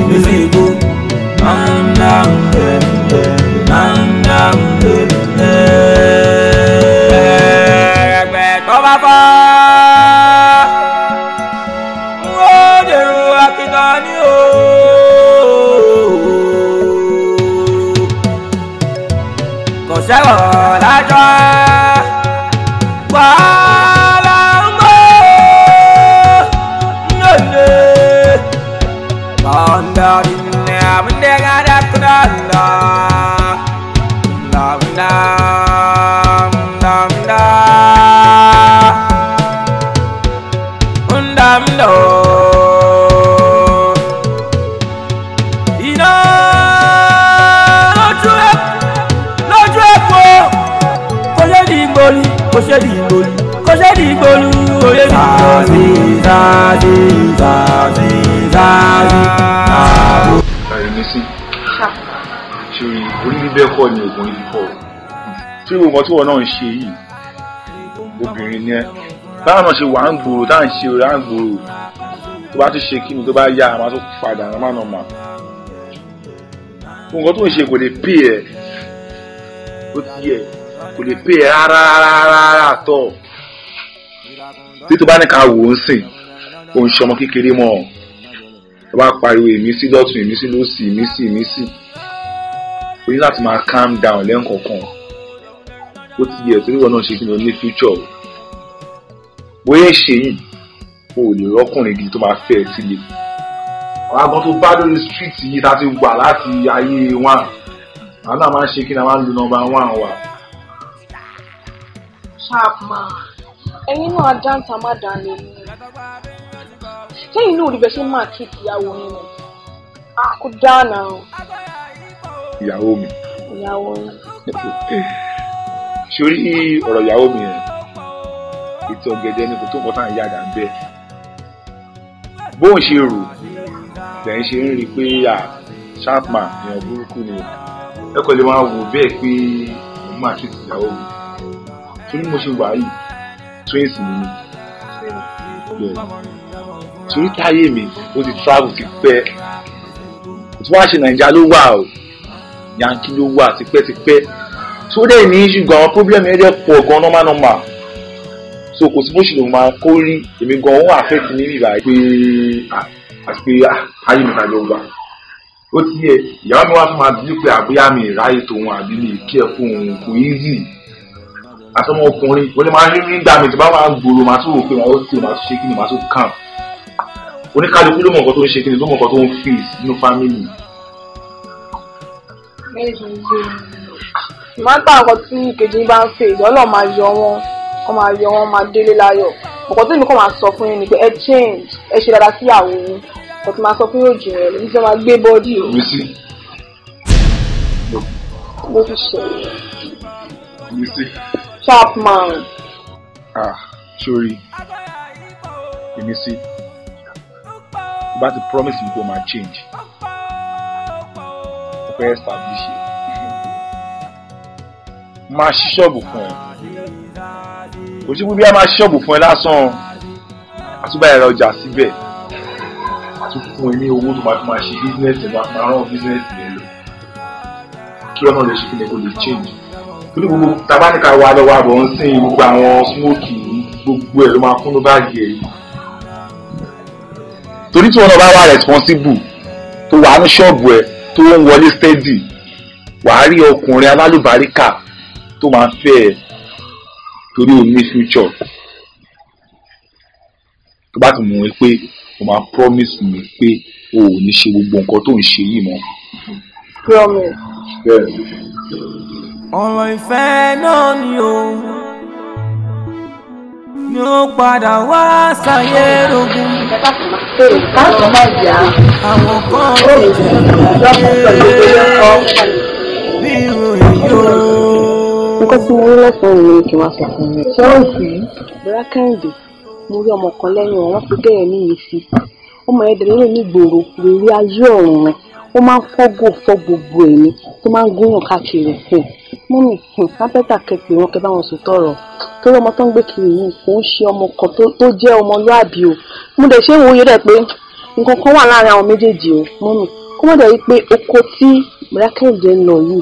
nífi ikú. Nandam, nandam, nandam, nandam. tí irú nǹkan wọn náà ń ṣe yìí obìnrin ni ẹ báwọn náà ṣe wà ń gbòòrò táà ń ṣe òrà ń gbòòrò tó bá tún ṣe kí ni tó bá yá àwọn tó padà ní ọmọ náà nǹkan tó ń ṣe kò lè pè ẹ ó ti yẹ kò lè pè ẹ rárá rárá tọ tí bá ní ká wò ó ń sìn ó ń ṣọmọ kékeré mọ́ tó bá pariwo èmi sí dọ́tún èmi sí lọ́sì èmi sí èmi sí o láti máa calm down lẹ́ǹkọ̀ọ̀kan ó ti yẹ torí wọn náà ṣe kí ni o ní future o bóyá ṣe yìí o ò lè rọ́kùnrin gidi tó máa fẹ́ ẹ sílé àwọn agbọn tó bá lórí street yìí tá a ti wà láti ayé wọn àwọn náà máa ń ṣe kí ni a máa ń lu nọ́mbà wọn wà. chapman ẹ̀yin náà dáńtà má dání lẹ́yìn náà olùbẹ̀ ṣe máa kí ìyàwó yín ni a kò dáná. ìyàwó mi. ìyàwó yín. sórí ọ̀rọ̀ ìyàwó mi yẹn ètò ọ̀gẹ̀dẹ̀ ni kò tó nǹkan tá à ń ń bẹ̀ bóun ṣe rò lẹ́yìn ṣe ń rí i pé à Chapman èèyàn burúkú ni ẹ lè máa wò bẹ́ẹ̀ pé mo máa ṣe ti ìyàwó mi tó mo ṣe wà yìí twins ni mi torí táyé mi ó ti travel ti pẹ́ tí wọ́n á ṣe Nàìjíríà ló wà o Yankee ló wà tipẹ́tipẹ́ so dẹ̀ ní ṣùgbọ́n àwọn problem yẹn dẹ̀ pọ̀ gan normal normal so kò sí bó ṣe lè máa kó rí èmi gan òun àfẹ́tì ní bíbá pé ah, àti pé ah, ayé mi ta ló gbà ó ti yẹ ìyàwó mi wá fún wa bí pé àbúyá ah, mi ìráyè tòun àbí mi kí ẹ fún òun kò easy àtọmọ ọkùnrin wọ́n lè máa rí rí dàmí tí bá máa ń gbòòrò máa tún rò pé wọ́n ti máa tún ṣe kí ni máa tún kàn oníkálukú ló mọ̀ nǹkan tó ń ṣe kí ni ló mọ̀ nǹkan tó ń fi nínú fámìlì màtá nǹkan tí kejì bá ń fè ìdọ́lọ́ máa yọ wọn kọ́ máa yọ wọn máa délé láyọ̀ ọ̀pọ̀ tí mi kọ́ máa sọ fún yín ni pé ẹ change ẹ ṣe dáadáa sí ìyàwó yín ọ̀pọ̀ tí máa sọ fún yóò jìn rẹ̀ lóbi tí wọ́n gbé bọ́ọ̀dì o. Bísí. Ló fi ṣe. Bísí. Chapman. Ah, sorry. Èmi sí. Bá ti promise mi kó máa change. Ó fẹ́ establish it máa ṣí ṣọ́ọ̀bù fún ẹ òṣì pé bí a máa ṣí ṣọ́ọ̀bù fún ẹ lásán àtúbà ẹ̀rọ ọjà síbẹ̀ àtúntò fún ẹ ní owó tó máa fi máa ṣe bísínẹ́sì máa máa rán bísínẹ́sì rẹ lọ kí ọ̀nà rẹ ṣe fi lè kó lè change torí gbogbo tabanika wa lọ́wọ́ àbọ̀ ń sìn gbogbo àwọn smoke gbogbo ẹ̀ ló máa kún ní báàgì ẹ̀ torí tí wọn bá wà responsible tó wà ní ṣọ́ọ̀bù ẹ̀ tó ń wọlé steady wàá rí ọkùnrin alálùbáríkà tó máa fẹ́ ẹ torí o ní future tó bá ti mọ̀ wọ́n pé o máa promise mi pé o ò ní ṣe gbogbo nǹkan tó ń ṣe yìí mọ́. ọ̀rọ̀ ìfẹ́ náà ni o ni ó padà wá sáyé rogun. àwọn kan lè jẹ́ ẹ́ nǹkan tí mo rí lọ́sàn-án mi kì í máa sọ fún mi. ṣé ó sì í. bọ́lá kẹ́hìndé mo rí ọmọ kan lẹ́yìn ọ̀rọ̀ pé kẹ́yẹ̀ ní ìyí sí ọmọ ẹ̀dẹ̀ lórí mi gbòòrò lórí ayé ọ̀run rẹ̀ ó máa ń fọ́gò fọ́ gbogbo ẹ̀mí tó máa ń gúnyàn káàkiri fún mú mi fún lábẹ́tà kẹpì wọn kẹ bá wọn sùn tọrọ torí ọmọ tó ń gbé kiri yìí kò ń ṣe ọmọ kan tó jẹ́ ọmọlúàbí o mo dẹ̀ ṣe ìwòye rẹ̀ pé nǹkan kan wà láàrin àwọn méjèèjì o mú mi kó mọ̀ dẹ̀ rí pé oko tí mìrákẹ́ǹdé lọ yìí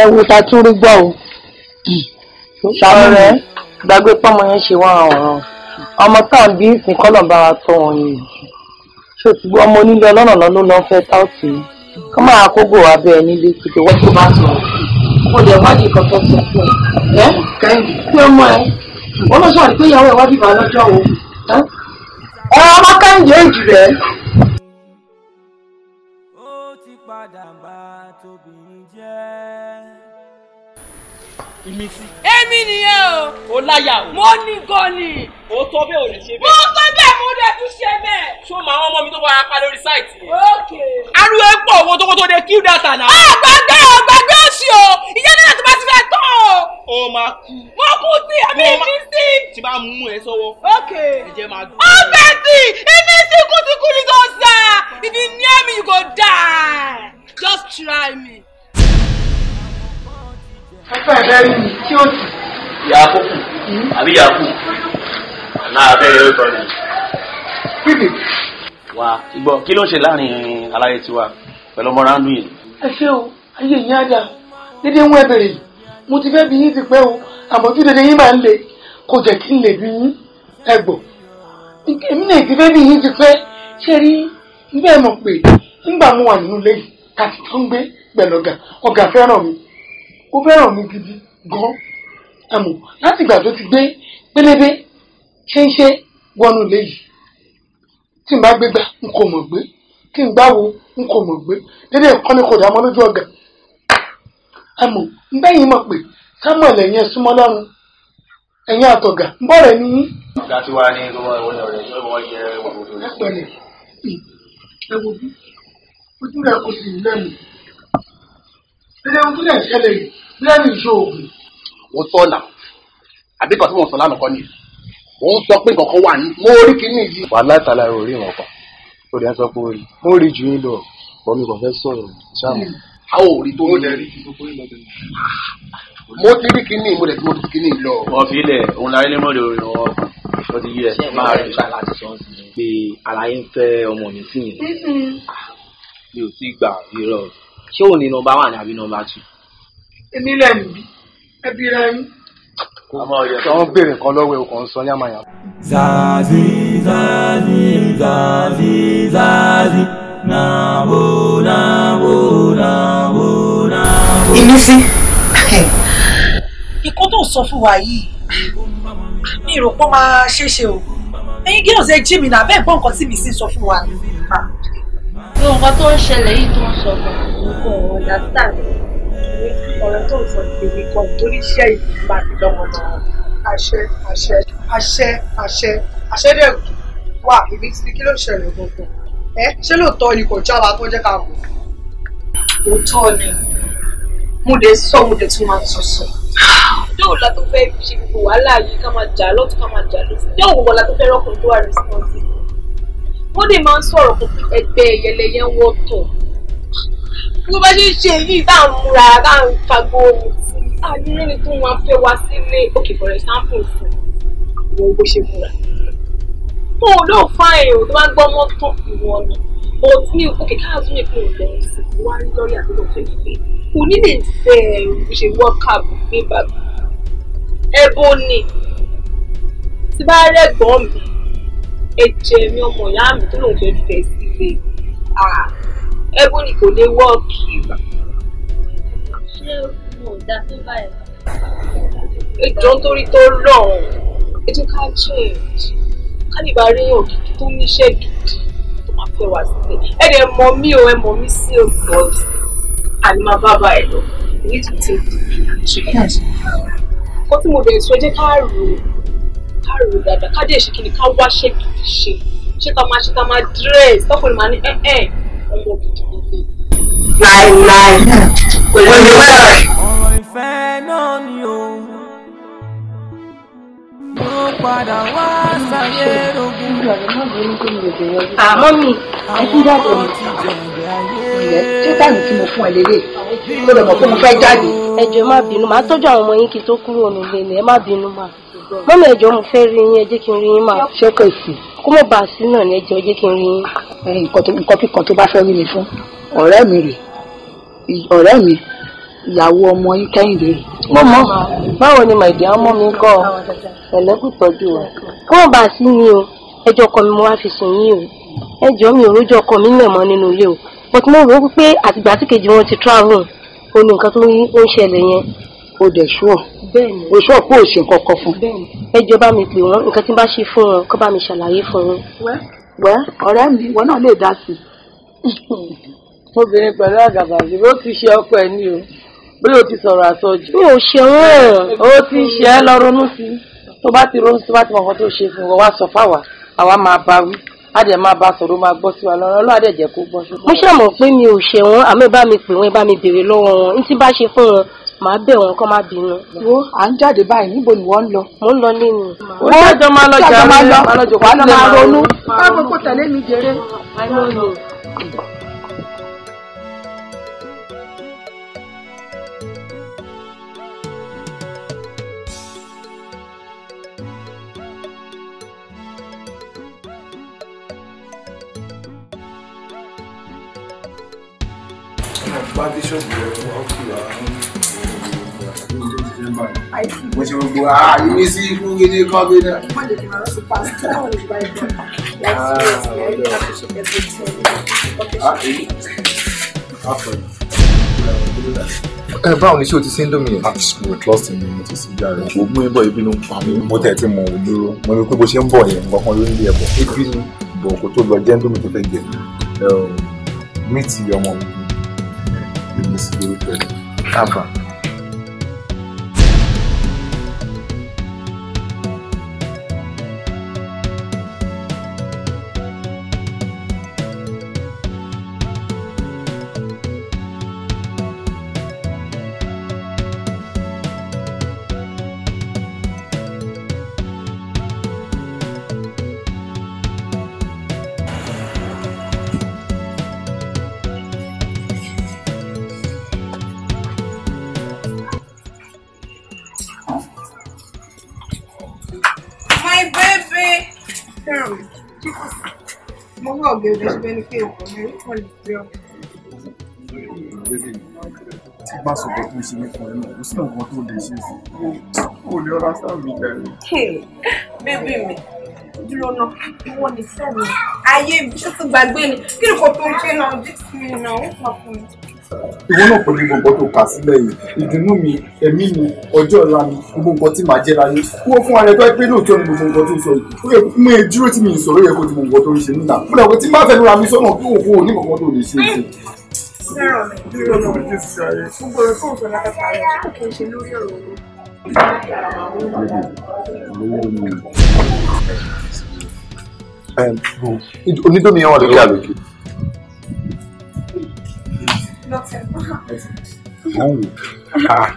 ẹ wo gbọ́ o. gbàgbé pọ́nmọ yẹn ṣe wá ọ̀ràn ọmọ táwọn bí ìsìn bá wa yìí gbọ́ ọmọ onílé ọlọ́nà lọ́nà ló fẹ́ kọ́ máa kógò abẹ́ ẹ nílé wọ́n mo lè ìmísí. èmi nìyẹn o. o láyà o. mo ní gan o tọ́ bẹ́ẹ̀ o lè ṣe bẹ́ẹ̀. mo tọ́ bẹ́ẹ̀ mo dẹ̀ tún ṣe bẹ́ẹ̀. ṣó máa wọ́n mọ́ mi tó wà apá lórí sáìtì yẹn. Aru ariwo ẹ pọ̀ owó tókótó de kill data náà. a gbàgbé o gbàgbé oṣù o ìyá náà tó bá ti fẹ́ tán o. o máa kú. mo kú sí àbí ìmísí. tí bá mú ẹ sọ́wọ́. ókè. ẹ̀jẹ̀ máa gbọ́. ó bẹ̀ sí ìmísí kùtùkùtù tó sà if you near me you go die just try me. yakubu àbí wa ìgbọ́ kí ló ń ṣe láàrin aláyé tiwa ọmọ yìí. ẹ ṣe o ayé ìyá àdá dédé ń yìí mo ti fẹ́ o yín máa ń kò jẹ́ kí n lè bí yín èmi náà ti fẹ́ bí yín ti pẹ́ ṣe rí ibẹ̀ mọ̀ pé nígbà mo wà nínú ilé yìí ń gbé pẹ̀lú ó fẹ́ràn mi gidi gan àmọ́ láti ìgbà tó ti gbé pélébé ṣéńṣe wọnú ilé yìí tí n bá gbé gbá n kò mọ̀ gbé tí n gbáwo n kò mọ̀ gbé dédé ẹ̀kọ́ ni kò dá mọ́ lójú ọ̀gá àmọ́ n bẹ́yìn mọ̀ pé samuel ẹ̀yìn ẹ̀ súnmọ́ lọ́rùn ẹ̀yìn àtọ̀gà ń bọ̀rẹ̀ ní yín. ọ̀gá tí wàá ní ìgbọ́n ìwọlé ọ̀rẹ́ ìgbọ́n yẹ ẹ̀wọ̀n ojú rẹ kò sì lẹ́nu ilé ohun tó lè ṣẹlẹ̀ yìí lẹ́nu ìṣòògùn. ó sọ ọ̀nà àbí kan tí mo sọ lánàá kọ́ ni mo ń sọ pé kankan wà ní mo rí kinní yìí. wà látara ò rí ìwọ̀n kan tó lè sọ pé ó rí mo rí ju yín lọ bọ́ mi kàn fẹ́ sọ̀rọ̀ ṣáà a ò rí tó ń lè rí mo ti rí kinní mo lè tí mo ti kinní lọ. wọ́n fi ilẹ̀ òun láyé ní mọ́lẹ̀ orin wọn ó ti yí ẹ máa rí i pé àlàyé ṣé òun ni nọmba one àbí nọmba two. èmi lẹ ń bí ẹbí rẹ ń. àwọn béèrè kan lọ́wọ́ ẹ̀ kò ń sọ ní àmàyà. zazi zazi zazi zazi nàwó nàwó nàwó nàwó. ìmísí ikú tó sọ fún wa yìí mi rò pé ó máa ṣeéṣe o ẹ̀yin gíròsì ẹ jí mi nà bẹ́ẹ̀ gbọ́ nǹkan tí mi sì sọ fún wa tó nǹkan tó ń ṣẹlẹ̀ yìí tó ń sọ nǹkan ọ̀dà tàn ọ̀rọ̀ tó ń sọ ìgbèbí kan torí iṣẹ́ ìgbà lọ́wọ́lọ́wọ́ àṣẹ àṣẹ àṣẹ àṣẹ àṣẹ dẹ̀ wà ibi tí kí ló ṣẹlẹ̀ gbogbo ẹ ni kò jáwa tó jẹ́ ká mọ̀. ni mo dé sọ mo dé tún máa tún sọ. yóò la tó fẹ́ ṣe gbogbo wàhálà yìí ká máa jà lọ́tún ká máa jà lọ́tún yóò wọ́n la tó fẹ́ rọ́kùnrin tó wà responsible ó dè máa ń sọ̀rọ̀ fún ẹgbẹ́ yẹlẹyẹ wọ́n tọ̀ bó bá ṣe ń ṣe yìí tá à ń múra tá à ń fagbo ohun sí àdúrónì tó wọn fẹ́ wá sílé òkè for example fún ìwọ bó ṣe múra mo ò fún àyẹ̀wò tó bá ń gbọ́ mọ́tò ìwọ ni mo ti ní òkè káàtó mi fún ìlọ sí i wá rí lọ́ọ̀yà tó lọ fẹ́ gbé kò ní lè fẹ́ ẹ̀rù ṣe wọ́ọ̀kà gbé bàbá ẹ̀bùn ni tí bá rẹ̀ gbọ́n mi ẹ̀jẹ̀ mi ọmọ ìyá mi tó lòun fẹ́ fẹ́ sílé ẹ̀bùn ni kò lè wọ́ọ̀kì. ṣé mo dá tó báyìí? ẹjọ́ nítorí tó lọ́rùn ẹ jẹ́ ká change ká lè bá ríyàn gidi tó níṣẹ́ gidi tó máa fẹ́ wá sílẹ̀ ẹ dẹ̀ mọ̀ mí o ẹ mọ̀ mí sí o but àní máa bá bá ẹ lọ we need to take the change. kó tí mo bẹ̀rẹ̀ sọ ẹ jẹ́ ká rò ó ká rò dáadáa ká dé ṣe ká wá ṣe gidi ṣe ṣé ká máa ṣe ká máa dírẹ́s tọkùnrin máa ní ẹ ẹ ọmọ gidi gidi. láìláì kò lè wẹ́rẹ̀. ọ̀rọ̀ ìfẹ́ náà ni o yóò padà wá sáyé rogun. àmọ́ mi ah, ẹ ti jáde mi ilẹ̀ táyì tí mo fún ẹ lélẹ̀ mo lọ mọ̀ pé mo fẹ́ jáde. ẹ jọ̀ọ́ má bínú màá tọ́jú àwọn ọmọ yín kí n tó kúrò nílé ni ẹ má bínú mà mọ́mọ́ ẹ̀jọ̀ mo fẹ́ rí yín ẹ jẹ́ kí n rí yín máa. ṣé kò sí. kó mọ̀ bá a sí náà ní ẹjọ́ ẹ jẹ́ kí n rí yín. nǹkan kíkan tó bá fẹ́ rí mi fún ọ̀rẹ́ mi rè ọ̀rẹ́ mi ìyàwó ọmọ yín kẹ́hìndé rè. mo mọ báwo ni màìdí ọmọ mi kọ ẹlẹ́kùn tọ́jú wa kó mọ̀ bá a sí ni o ẹjọ́ ọkọ mi mo wá fi sùn yín o ẹjọ́ mi ò rójú ọkọ mi lẹ̀ mọ́ nínú ilé o but mo rò ó pé àtìgbà o ní nǹkan o dẹ̀ ṣúọ̀ o ṣúọ̀ pé o ṣe nǹkan kan fún. ẹ jọ bá mi pè wọn nǹkan tí n bá ṣe fún wọn kó bá mi ṣàlàyé fún wọn. wẹ́ ọ̀rẹ́ mi ìwọ náà lè dá sí i. obìnrin pẹ̀lú àgàbà sí ó ti ṣe ọkọ ẹ̀ ní o bóyá o ti sọ̀rọ̀ àsọjù. mi ò ṣe wọ́n. o ti ṣe é lọ ronú sí i tó bá ti ronú sí bá ti mọ̀ nǹkan tó ṣe fún wa wá sọ fáwa àwa máa bá wí a dẹ̀ máa bá sọ̀rọ̀ máa gbọ́ sí wa lọ́rọ́ ọlọ́wà dẹ̀ jẹ́ kó gbọ́ sí wa. mo ṣàmọ̀ pé mi ò ṣe àmọ́ ẹ bá mi pè wọ́n ẹ bá mi béèrè lọ́wọ́ wọn ní tí bá ṣe fún wọn màá bẹ̀ wọ́n kọ́ má bínú. wo à ń jáde báyìí níbo ni wọ́n ń lọ. mo ń lọ lé ni. ó máa lọ jàre máa lọ wà á máa ronú. báwo kò tẹ̀lé mi nọ́mbà mi mo ṣe gbogbo ah ibi sí ikú gidi kan gidi. ẹ báwo ni ṣé o ti ṣe ń dómi yẹn. mo trust mi mo ti ṣe ìjà rẹ oògùn ìbọn ibi pa mí. mo tẹ̀ tí mo dúró mo rí pé bó ṣe ń bọ̀ yẹn nǹkan kan ló ń lé ẹ̀bọ̀ ibi ni bọ̀ kó tó lọ jẹ́ ń tó fẹ́ jẹ mí ti ọmọ mi ìmísí lórúkọ ẹ̀ káàbà. tí bá sọ̀rọ̀ tó ń ṣe ní fún ẹ náà kò sí nǹkan tó lè ṣe sí kò lè ọ̀rá sáà mi jẹ̀rẹ̀. bébí mi dúró náà ìwọ ní sẹ́mi ayé mi ṣé ti gbàgbé ni kí ni kò tó ń ṣe náà dí sí mi náà ó kà fún mi ìwọ náà pẹ̀lú gbogbo tó kà sílẹ̀ yìí ìdùnnú mi ẹ̀mí mi ọjọ́ ọ̀la mi gbogbo nǹkan tí màá jẹ́ láyé wọ́n fún ara ẹgbẹ́ pé lóòótọ́ ni gbogbo nǹkan tó ń sọ yìí ó yẹ mú e dúró tí mi ń sọ̀rọ̀ yẹ kó ti mọ nǹkan tó ń ṣe nígbà fúnra ẹ̀kọ́ tí má fẹ́ lóra mi sọ́nà kí òkú òní kankan tó lè ṣe é ṣe. onídómiyàn wà lókè àlòkè. Nothing. oh, ah,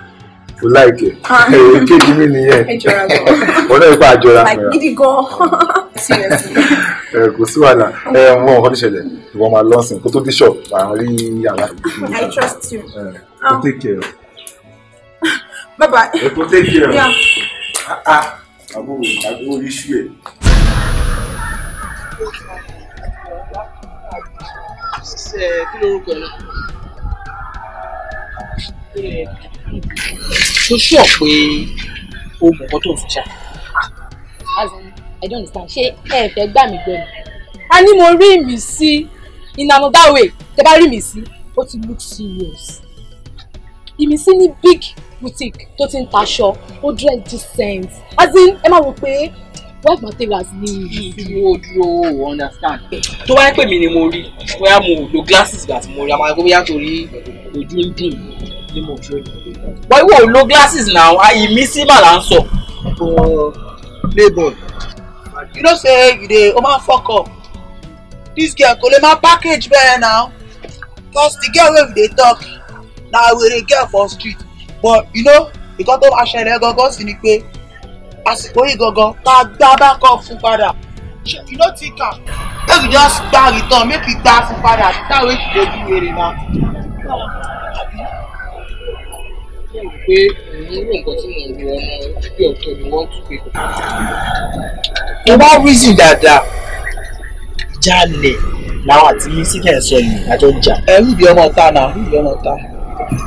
you like it. Ah. Kejì mi nìyẹn. Ẹjọ́ra gan. Wọ́n náà ń pa àjọra. Like gidi gan. Seriously. Eh, kò sí wàhálà. Ẹ eh, mọ ọ̀kan níṣẹ̀lẹ̀. Ìwọ máa lọ sìn kó tó dé shop. Àwọn rí yàrá. I trust you. Ẹ eh, um, kò take care. Bye bye. Ẹ kò take care. Ah, ah. Àbúrò àbúrò iṣu ẹ̀. Kí lorúkọ náà? So ṣọ pé o mọ̀ nǹkan tó ń sọ ṣá. azani i don't understand ṣé ẹ fẹ́ gbà mí gbọ́ ni. a ní mo rí mi sí in another way tẹ bá rí mi sí ó ti look serious. ìmísí ní big boutique tó ti ń taṣọ ó dress decent as in ẹ máa wò pé wife materials ni yìí. dúró dúró understand. tó bá yẹ pé mi ni mo rí bóyá mo lo glasses gbà tí mo rí a máa gbé bóyá torí ojú ń dùn ni mo ṣe. wọ́n ìwọ ò glasses now ayi mi sí mà là ń sọ. you know say you dey o ma fok up This girl kò my package bẹ́ẹ̀ now Cause the girl where they talk. Now na wèrè girl for street but you know nǹkan tó máa ṣẹlẹ̀ gangan sì ni As àsìkò yìí go ká gbá bákan fún padà you no think am make you just gba return make you gba fún padà that way you go do wèrè now fóònù pé òun rò nǹkan tí mò ń wo ọmọ ẹgbẹ́ ọ̀tọ̀ ni wọ́n tún pè. mo bá rí sí dáadáa jálẹ̀ làwọn àti sílẹ̀ ń sọ yìí àjọ jà. ẹ níbi ọmọ ta náà níbi ọmọ ta.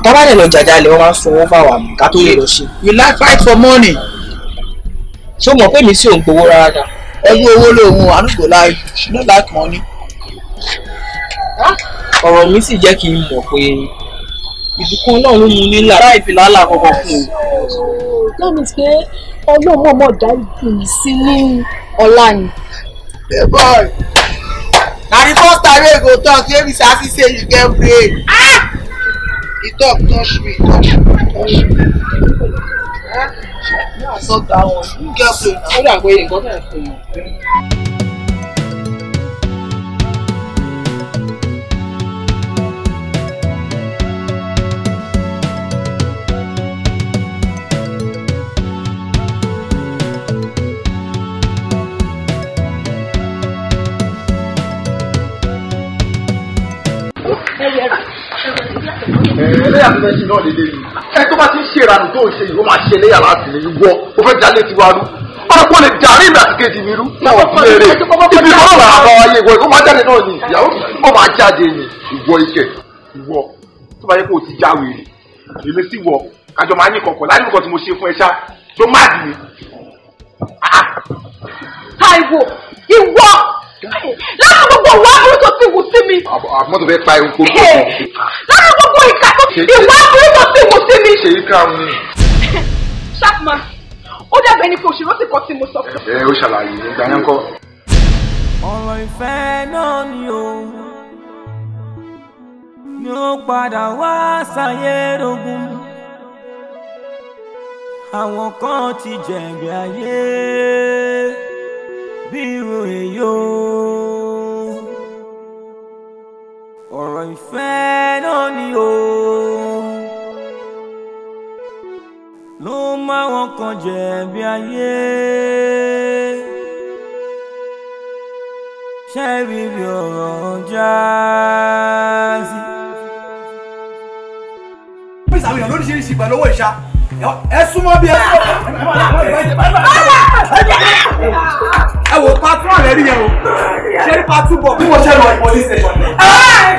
tọ́ba lè lọ jàjà wọ́n máa ń sanwó fáwọn àmì ká tó lè lọ ṣe. we like fight for money. ṣé o mọ̀ pé mi sí òun gbowó rárá ẹgbẹ́ owó lòun àdúgbò láì ṣùgbọ́n láì kàn án ní. ọ̀rọ̀ mi sì jẹ́ kí n mọ̀ pé ìbùkún náà ló mú nílà láì fi làálà kankan fún un. that means pé ọlọ́run mọ̀ọ́mọ̀ dá ìgbìmọ̀ sí ní ọ̀la ni. hey boy na the first time wey go talk say mr asi say you get brain ah he talk touch me touch me touch me. I saw that one. You get brain. Hold on, wait. Go ahead. eléyà tó fẹ́ ṣe náà lélẹ́ yìí ẹ tó bá ti ń ṣe ìranù tó ń ṣe yìí ó máa ṣe eléyà láti lè wọ ó fẹ́ jalè tiwa rú ọ̀pọ̀ lè dàrí ìgbà tí kejì mi rú láwọn fún eré ibi kan là á bá wáyé ìwọ ìwọ máa jáde náà ní ìyàwó ó máa jáde ní ìwọ ikẹ ìwọ tó bá yẹ kó o ti já wèrè èmi sì wọ àjọ máa ní kọkọ láì nìkan tí mo ṣe fún ẹ ṣá tó má dì mí. Táíwò ìwọ lára gbogbo ìwà aburú tó ti wù sí mi. àmọ́ tó pa ewu lára gbogbo ìwà aburú ti wù sí mi. ṣe ika ń ní. Chapman ó dàbẹ̀ ni kò ṣe rántí kan tí mo sọ fún. ẹ ó ṣàlàyé ìgbà yẹn kọ́. ọ̀rọ̀ ìfẹ́ náà ni o ni ó padà wá sáyé rogun àwọn kan ti jẹ̀bi ayé bí irú èyó. ọ̀rọ̀ ìfẹ́ náà ni o ló máa wọn kan jẹ̀bi ayé. ṣé bíbi ọ̀rọ̀ já sí. pèsè àwọn èèyàn lóríṣiríṣi ìgbà lọ́wọ́ ìṣá ẹ súnmọ́ bí ẹ súnmọ́. ẹ wo patrol rẹ rí yẹn o ṣé ní patrol bọ̀. bí mo ṣe lọ police station ni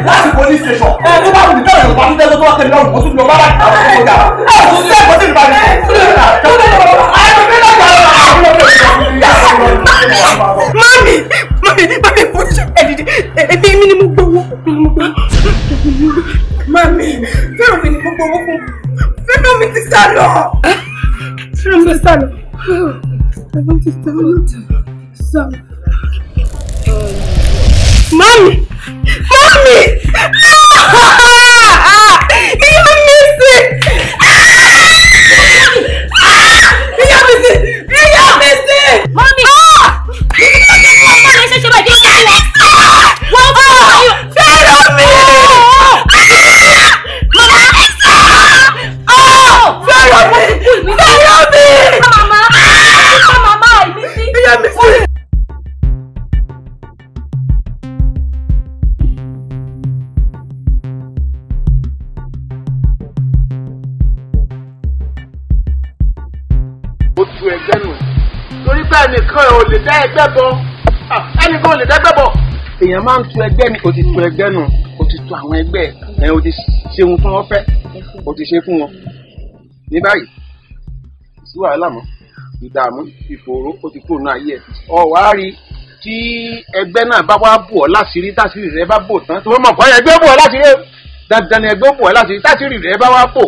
láti police station tó bá wùdí bẹ́ẹ̀ lọ́wọ́ tó tẹ́lẹ̀ tó bá tẹ̀lé lọ́wọ́ tó tún lọ bá bá tẹ̀lé ẹ ò tún sẹ́ẹ̀kọ́ sí ìbàdàn mami mami mami mami ṣe ẹdidi ẹbí mi ni mo gbowó mi ni mo gbowó mami fẹ́ràn mi ni mo gbowó fún fẹ́ràn mi ti sá lọ. fẹ́ràn mi ti sá lọ fẹ́ràn mi ti sá lọ sá lọ. mami mami Mommy èèyàn máa ń tu ẹgbẹ́ ni o ti tu ẹgbẹ́ nù o ti tu àwọn ẹgbẹ́ ẹ̀ o ti ṣe ohun tí wọ́n fẹ́ o ti ṣe fún wọn ní báyìí sí wàhálà mọ́ ìdààmú ìfòòró o ti kúrò náà yẹ ọ wá rí tí ẹgbẹ́ náà bá wá bù ọ́ láṣìírí táṣìírí rẹ bá bò tán tó mọ̀ kọ́ ẹgbẹ́ bù ọ́ láṣìírí dandan ẹgbẹ́ bù ọ́ láṣìírí táṣìírí rẹ bá wá bò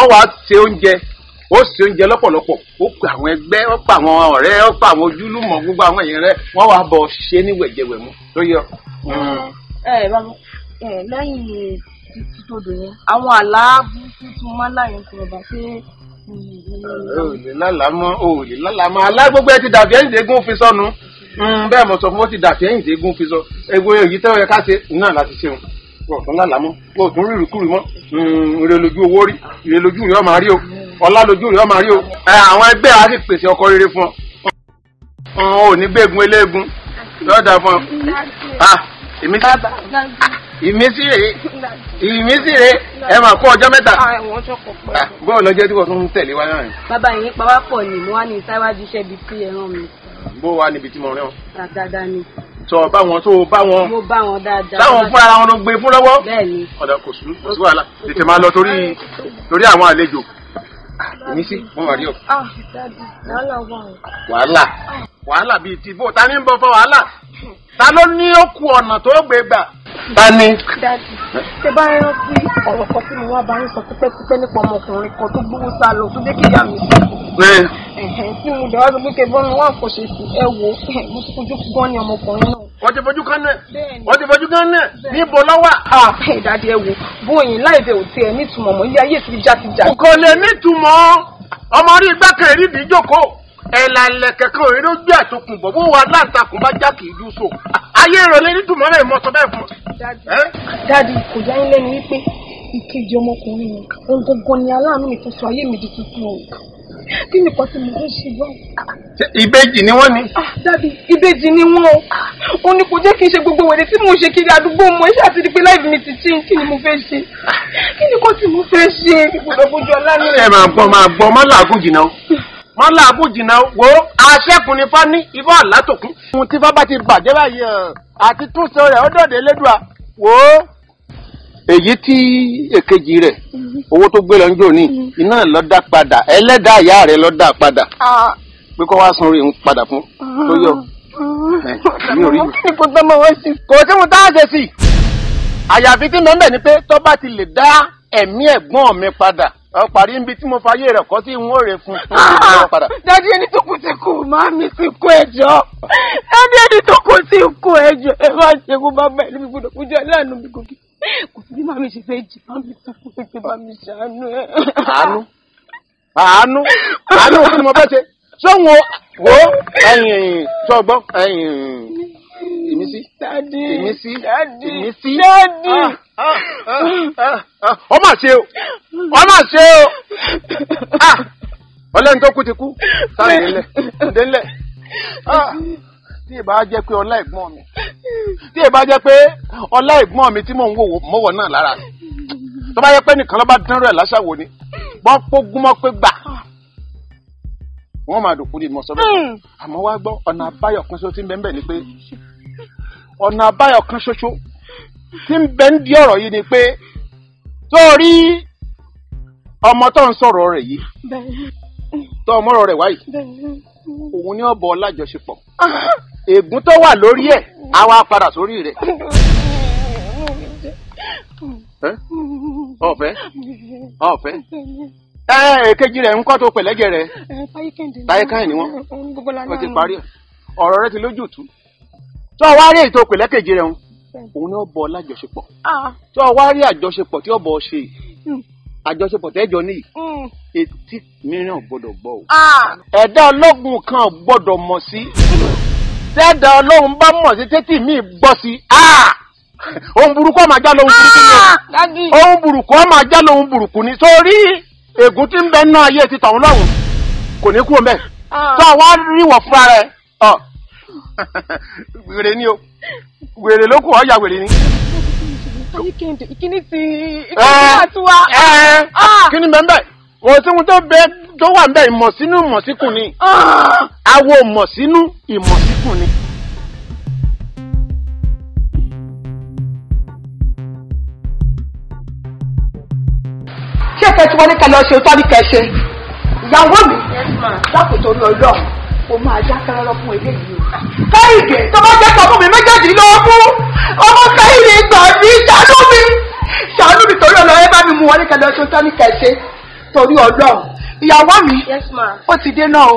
ọ wá ṣe oúnjẹ ó ṣe oúnjẹ lọ́pọ̀lọpọ̀ ó pe àwọn ẹgbẹ́ ó pa àwọn ọ̀rẹ́ ó pa àwọn ojúlùmọ̀ gbogbo àwọn èèyàn rẹ wọ́n wá bọ̀ ṣe ní wẹ̀jẹ̀wẹ̀ mu tó yọ. ẹ mm. ẹ bá ẹ lẹ́yìn títí tó dùn yẹn àwọn àlá burúkú máa láyé fún ọba pé òòlì lálámọ́ òòlì lálámọ́ alágbógbé ti dàbí ẹ̀yìn dégún fi sọnù mm, bẹ́ẹ̀ mo sọ fún ó ti dàbí ẹ̀yìn dégún fi sọ ewu èyí tẹ́wọ́ yẹ ká ṣe náà láti ṣeun ọ̀tún lálámọ́ ọ̀tún rírì kúrì mọ́ ìrẹ̀lójú mm, owó rí ìrẹ̀lójú yóò máa rí o ọ̀la lójú rẹ̀ ọmọ rí o àwọn ẹgbẹ́ á sì pèsè ọkọ rere fún ọ ò ní gbégun eléegun lọ́dà fún ọ èmi ah, sí èmi sí rèé èmi sí rèé ẹ máa kó ọjọ́ mẹ́ta bọ́ọ̀ ah, ah, lọ́jọ́ tí wọ́n tún ń tẹ̀lé wa náà. bàbá yìí pa wá pọ̀ ni mo wá ní ìsáwájú iṣẹ́ ibi tí ẹ rán mi. bó wà níbi tí mo rán. dáadáa ni. sọ bá wọn tó bá wọn. mo bá wọn dáadáa. táwọn fúnra wọn ló gbé fún lọ́wọ́. bẹ́ẹ̀ ni. ọ̀dà kò sí wàhálà tètè máa lọ torí torí àwọn àlejò èmi sí wọn wà rí ọ. Ah, wàhálà wà o. wàhálà ah. wàhálà bíi ti bó ta ni ń bọ̀ fún wàhálà ta ló ní ó ku ọ̀nà tó gbé gbà. ta ni. dadi ṣe bá rán sí ọ̀rọ̀ kan tí mo wá bá ń sọ pípẹ́pípẹ́ nípa ọmọkùnrin kan tó gbówó sá lọ tó dé kí ìyá mi sí. tí mo bẹ̀rẹ̀ sọ pé kí ẹ bọ́ mi wá nǹkan ṣe sí ẹ wo mo ti fojú gan ni ọmọkùnrin náà wọ́n ti fojú kan náà wọ́n ti fojú kan náà níbo lọ́wọ́. Ah, àpẹ ìdádì ẹ wo bóyin láìbẹ ò tiẹ̀ nítumọ̀ mọ́ ilé ayé ti já ti kò lè nítumọ̀ ọmọ rí gbàkẹ́ rí jókòó ẹ̀là ẹ̀lẹ̀kẹ̀ kan èrè ló gbé àtòkùn bọ̀ bó wa láǹtakùn bá já kìí so ayé ìrọ̀lẹ́ nítumọ̀ rẹ̀ mọ́ sọ bẹ́ẹ̀ fún. dádì kò yá yín lẹ́nu wípé ìkejì ọmọkùnrin mi òun gbogbo ni aláàánú mi tó sọ ayé mi di tuntun kí nìkan tí mo ń ṣe báyìí. ìbejì ni wọ́n ni. Ah, dàbí ìbejì ni wọ́n o ní kò jẹ́ kí n ṣe gbogbo wèrè tí mo ṣe kiri àdúgbò mọ iṣẹ́ àti ìdípe láì mi ti tí kí ni mo fẹ́ ṣe kí nìkan tí mo fẹ́ ṣe ìgbọdọ̀ bójú ọlá ni. ẹ máa gbọ́ máa gbọ́ má làágùn jìnnà wọn làágùn jìnnà wo aṣẹ́kùn ni ní ibà látòkún. ohun tí bá ti bàjẹ́ báyìí àti túnṣe rẹ̀ ó lẹ́dùá wò èyí tí èkejì rẹ̀ mm-hmm. owó tó gbé lọ ń jò ní iná lọ́dà padà ẹlẹ́dàá ìyá rẹ̀ lọ́dà padà ah. pé kó wá sanwó ìhun padà fún tó yọ ah. mi ò rí mi. kò tó mọ wọn sí. kò tí mo tá ṣe sí. àyàfi tí nọ́ńbẹ̀ ni pé tó bá ti lè dá ẹ̀mí ẹ̀gbọ́n mi padà parí níbi tí mo fayé rẹ̀ kọ́ sí ìwọ̀n òrè fún un. dádì ẹni tó kù ti kú màá mi ti kú ẹjọ́ dádì ẹni tó kù ti kú ẹjọ́ ẹ máa ṣe kú bàbá ẹ̀ níbi gbọdọ̀ kú jẹ́ láàánú mi gòkè kò sí bí màmí ṣe fẹ́ jì màmí sọ fún mi pé màmí ṣàánú ẹ. àánú àánú àánú kí ni mo fẹ́ ṣe sọ́wọ́ wo ẹ̀yìn sọ́gbọ́n ẹ̀yìn ìmísí ìmísí ìmísí ọ ah, ah, ah, mà ṣe o ọ mà ṣe o ọlẹ́ni tó kú ti kú sáré nílẹ̀ nílẹ̀. tí ì bá jẹ́ pé ọlá ẹ̀gbọ́n mi tí ì bá jẹ́ pé náà lára tó bá yẹ pé nìkan ló bá dánrọ ẹ̀ láṣàwò ni bọ́n pé gbà wọ́n máa dòkú ní ìmọ̀sọ́ hmm. àmọ́ wá gbọ́ ọ̀nà tí ń ń ni pé ọ̀nà tí ń ń di ọ̀rọ̀ yìí ni pé tó rí ọmọ tó sọ̀rọ̀ rẹ̀ òun ni ọbọ lájọṣepọ̀ ah. ègún tó wà lórí ẹ̀ á wá padà sórí rẹ̀. ọ̀fẹ́ ọ̀fẹ́ èkejì rẹ̀ ń kọ́ tó pẹ̀lẹ́jẹ̀ rẹ̀ táyé káyìn ni wọ́n wọ́n ti parí ẹ̀ ọ̀rọ̀ rẹ̀ ti lójútùú tó wá rí èyí tó pẹ̀lẹ́kejì rẹ̀ òun ni ọbọ lájọṣepọ̀ tó ah. wá rí àjọṣepọ̀ tí ọbọ ṣe yìí. Hmm. àjọṣepọ̀ tẹ́jọ ní mm. etí mìíràn gbọ́dọ̀ gbọ́ o. Ah. ẹ̀dá ọlọ́gun kan gbọ́dọ̀ mọ̀ sí tẹ́dà ọlọ́run bá mọ̀ sí tẹ́tì míì gbọ́ sí ah! ohun burúkú ọmọ ajá lóhun burúkú ni ah, ohun burúkú ọmọ ajá lóhun burúkú ni sórí ègún tí ń bẹ náà ayé ti kò ní kúrò tó wá rí wọ̀ fúnra rẹ̀ wèrè ni. Weekend ìkíní ti ìkíní àtiwá. Kíni bẹ́ẹ̀ wọ́n tí wọ́n tó bẹ tó wà bẹ́ẹ̀ ìmọ̀ sínú ìmọ̀ síkùn ni. Ah. Awo ìmọ̀ sínú ìmọ̀ síkùn ni. Ṣé kẹ́tí wọ́n ní kẹ́lẹ́ ọ̀ṣẹ́ tó ní kẹ́ ṣe? Ìyàwó mi dákòtò ní ọlọ́run o máa já kárọ́rọ́ fún eléyìí o. káyìdé tó bá jẹ́ sọ́kùn mi méjèèjìlélógún ọmọ káyìdé gbà ṣàánú mi ṣàánú mi torí ọlọ́run ẹ bá mi mú wọn kẹlẹ́ ọtún ní kẹsẹ́ torí ọlọ́run ìyàwó mi ó ti dé náà o.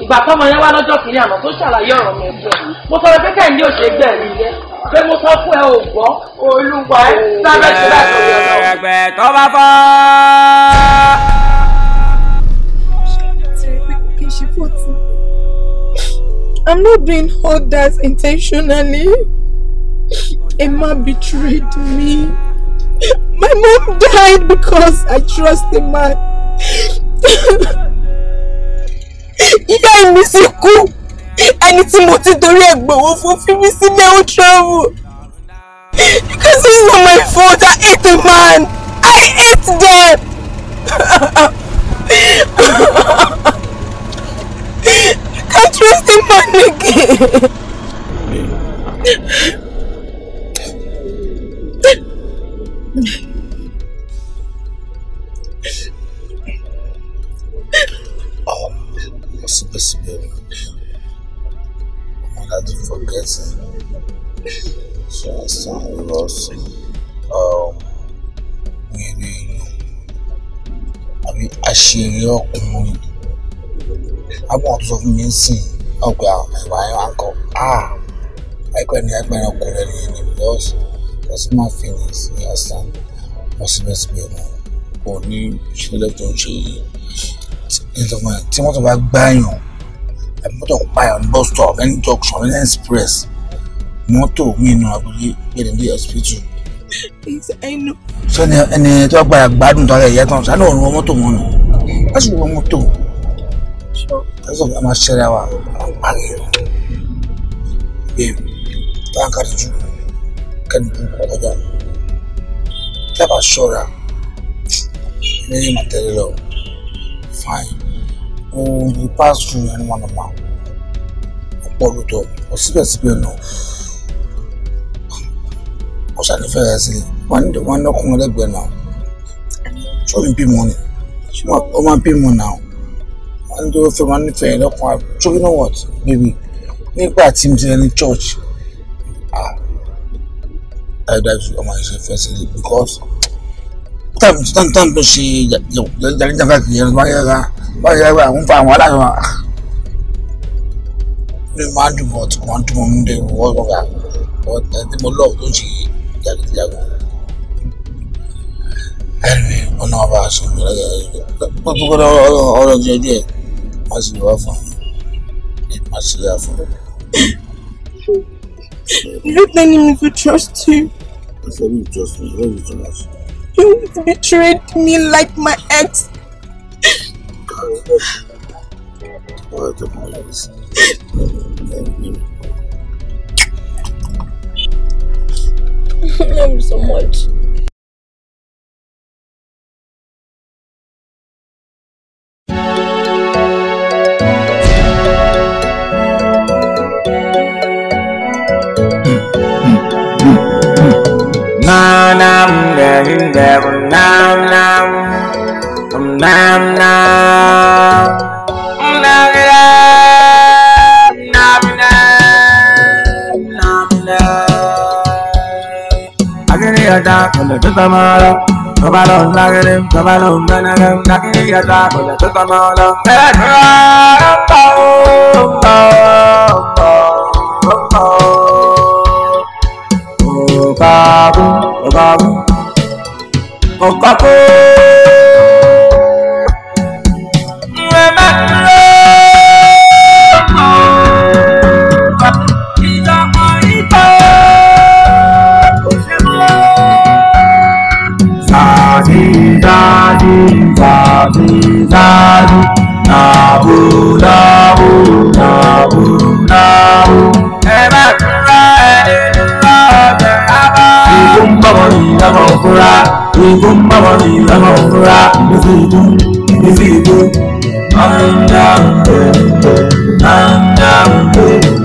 ìgbà tọ́mọ yẹn wá lọ́jọ́ kìíní àná tó ṣàlàyé ọ̀rọ̀ mi fún mo sọ pé kẹ́hìndé ò ṣe gbẹ̀ mí pé mo sọ fún ẹ ò gbọ́ olúwa ẹ sábẹ́ tó bá fọ́. I'm not being holders intentionally. Emma betrayed me. My mom died because I trust a man ìyá mi sì kú ẹni tí mo ti torí ẹ̀ gbowó fún fífi sílẹ̀ ó travel because it's not my fault I hate the man I hate them. I can't trust the man again. was supposed to be a one that you forget. So I understand because um, we, we, I mean, àṣírí ọkùnrin. Àwọn ọ̀tún sọ fún mi ń sìn ọgbà ẹ̀wà ẹ̀wà ń kọ́. Ẹgbẹ́ ni ẹgbẹ́ ọkùnrin ni ẹni because that's my feelings, you understand? Wọ́n sì bẹ́ẹ̀ sì bẹ́ẹ̀ mọ́. Òní ìṣẹ̀lẹ̀ tó ń ṣe yìí tí mọ́tò bá gbáyàn àbí mọ́tò ń pààyàn ní bus stop any junction any express mọ́tò mi nù abúlé gbèrè ní hospital. sọ́ni ẹni tó gbára gbádùn tó ara ẹ̀yà tán sani òun wọ mọ́tò mọ́nà lásìkò wọ mọ́tò lásìkò a máa ṣẹlẹ̀ wa àwọn parí rẹ̀ bẹ́ẹ̀ táǹkà tó jù kẹ́ni burúkú ọjà tábà ṣọ́ra ẹni yìí máa tẹ̀lé lọ fine ohun he passed through ẹnu wọn nàmà ọ̀pọ̀ lóòótọ́ ọ̀ síbẹ̀síbẹ̀ náà ọ̀ ṣànífẹ́ rẹ̀ sí wọn ní ọkùnrin lẹ́gbẹ̀ẹ́ náà ṣé ó ń bímọ ni ṣé wọ́n máa bímọ náà wọ́n ní fẹ́ wọn nífẹ̀ẹ́ lọ́kùnrin ṣé you know what baby nígbà tí mo ti rẹ ní church dájúdájú ọmọ yìí ṣe fẹ́ sílẹ̀ because táàmù tó táàmù tó ṣe yàrá yàrá kiri ẹ̀rọ máa yára wọ́n yẹ wá àwọn fa àwọn aláṣọ ah. máa ń dùbọ̀ tí wọ́n ń dùbọ̀ ń dé wọ́n lọ́gà wọ́n tí mo lọ́ọ̀ tó ń ṣe jagunjagun. ẹnì ọ̀nà ọba àṣọ ìgbàlejò gbogbo ọ̀rọ̀ ọjọ́ ojú ẹ̀ wọ́n sì lè wá fún un ní màṣíyà fún un. You're not me to trust you. I said you trust me. Don't you trust me? You betrayed me like my ex Поэтому love you so much. Nam Nam Nam Nam Nam Nam Agniyata Kulatamala Kabalon Nagarim Kabalon Nanagam Agniyata Kulatamala Kabalon Nanagam fúnra òyìnbó ń bá wọn ní ìlànà fúnra ìgbésí ìdún ìgbésí ìdún. Under, under, under, under.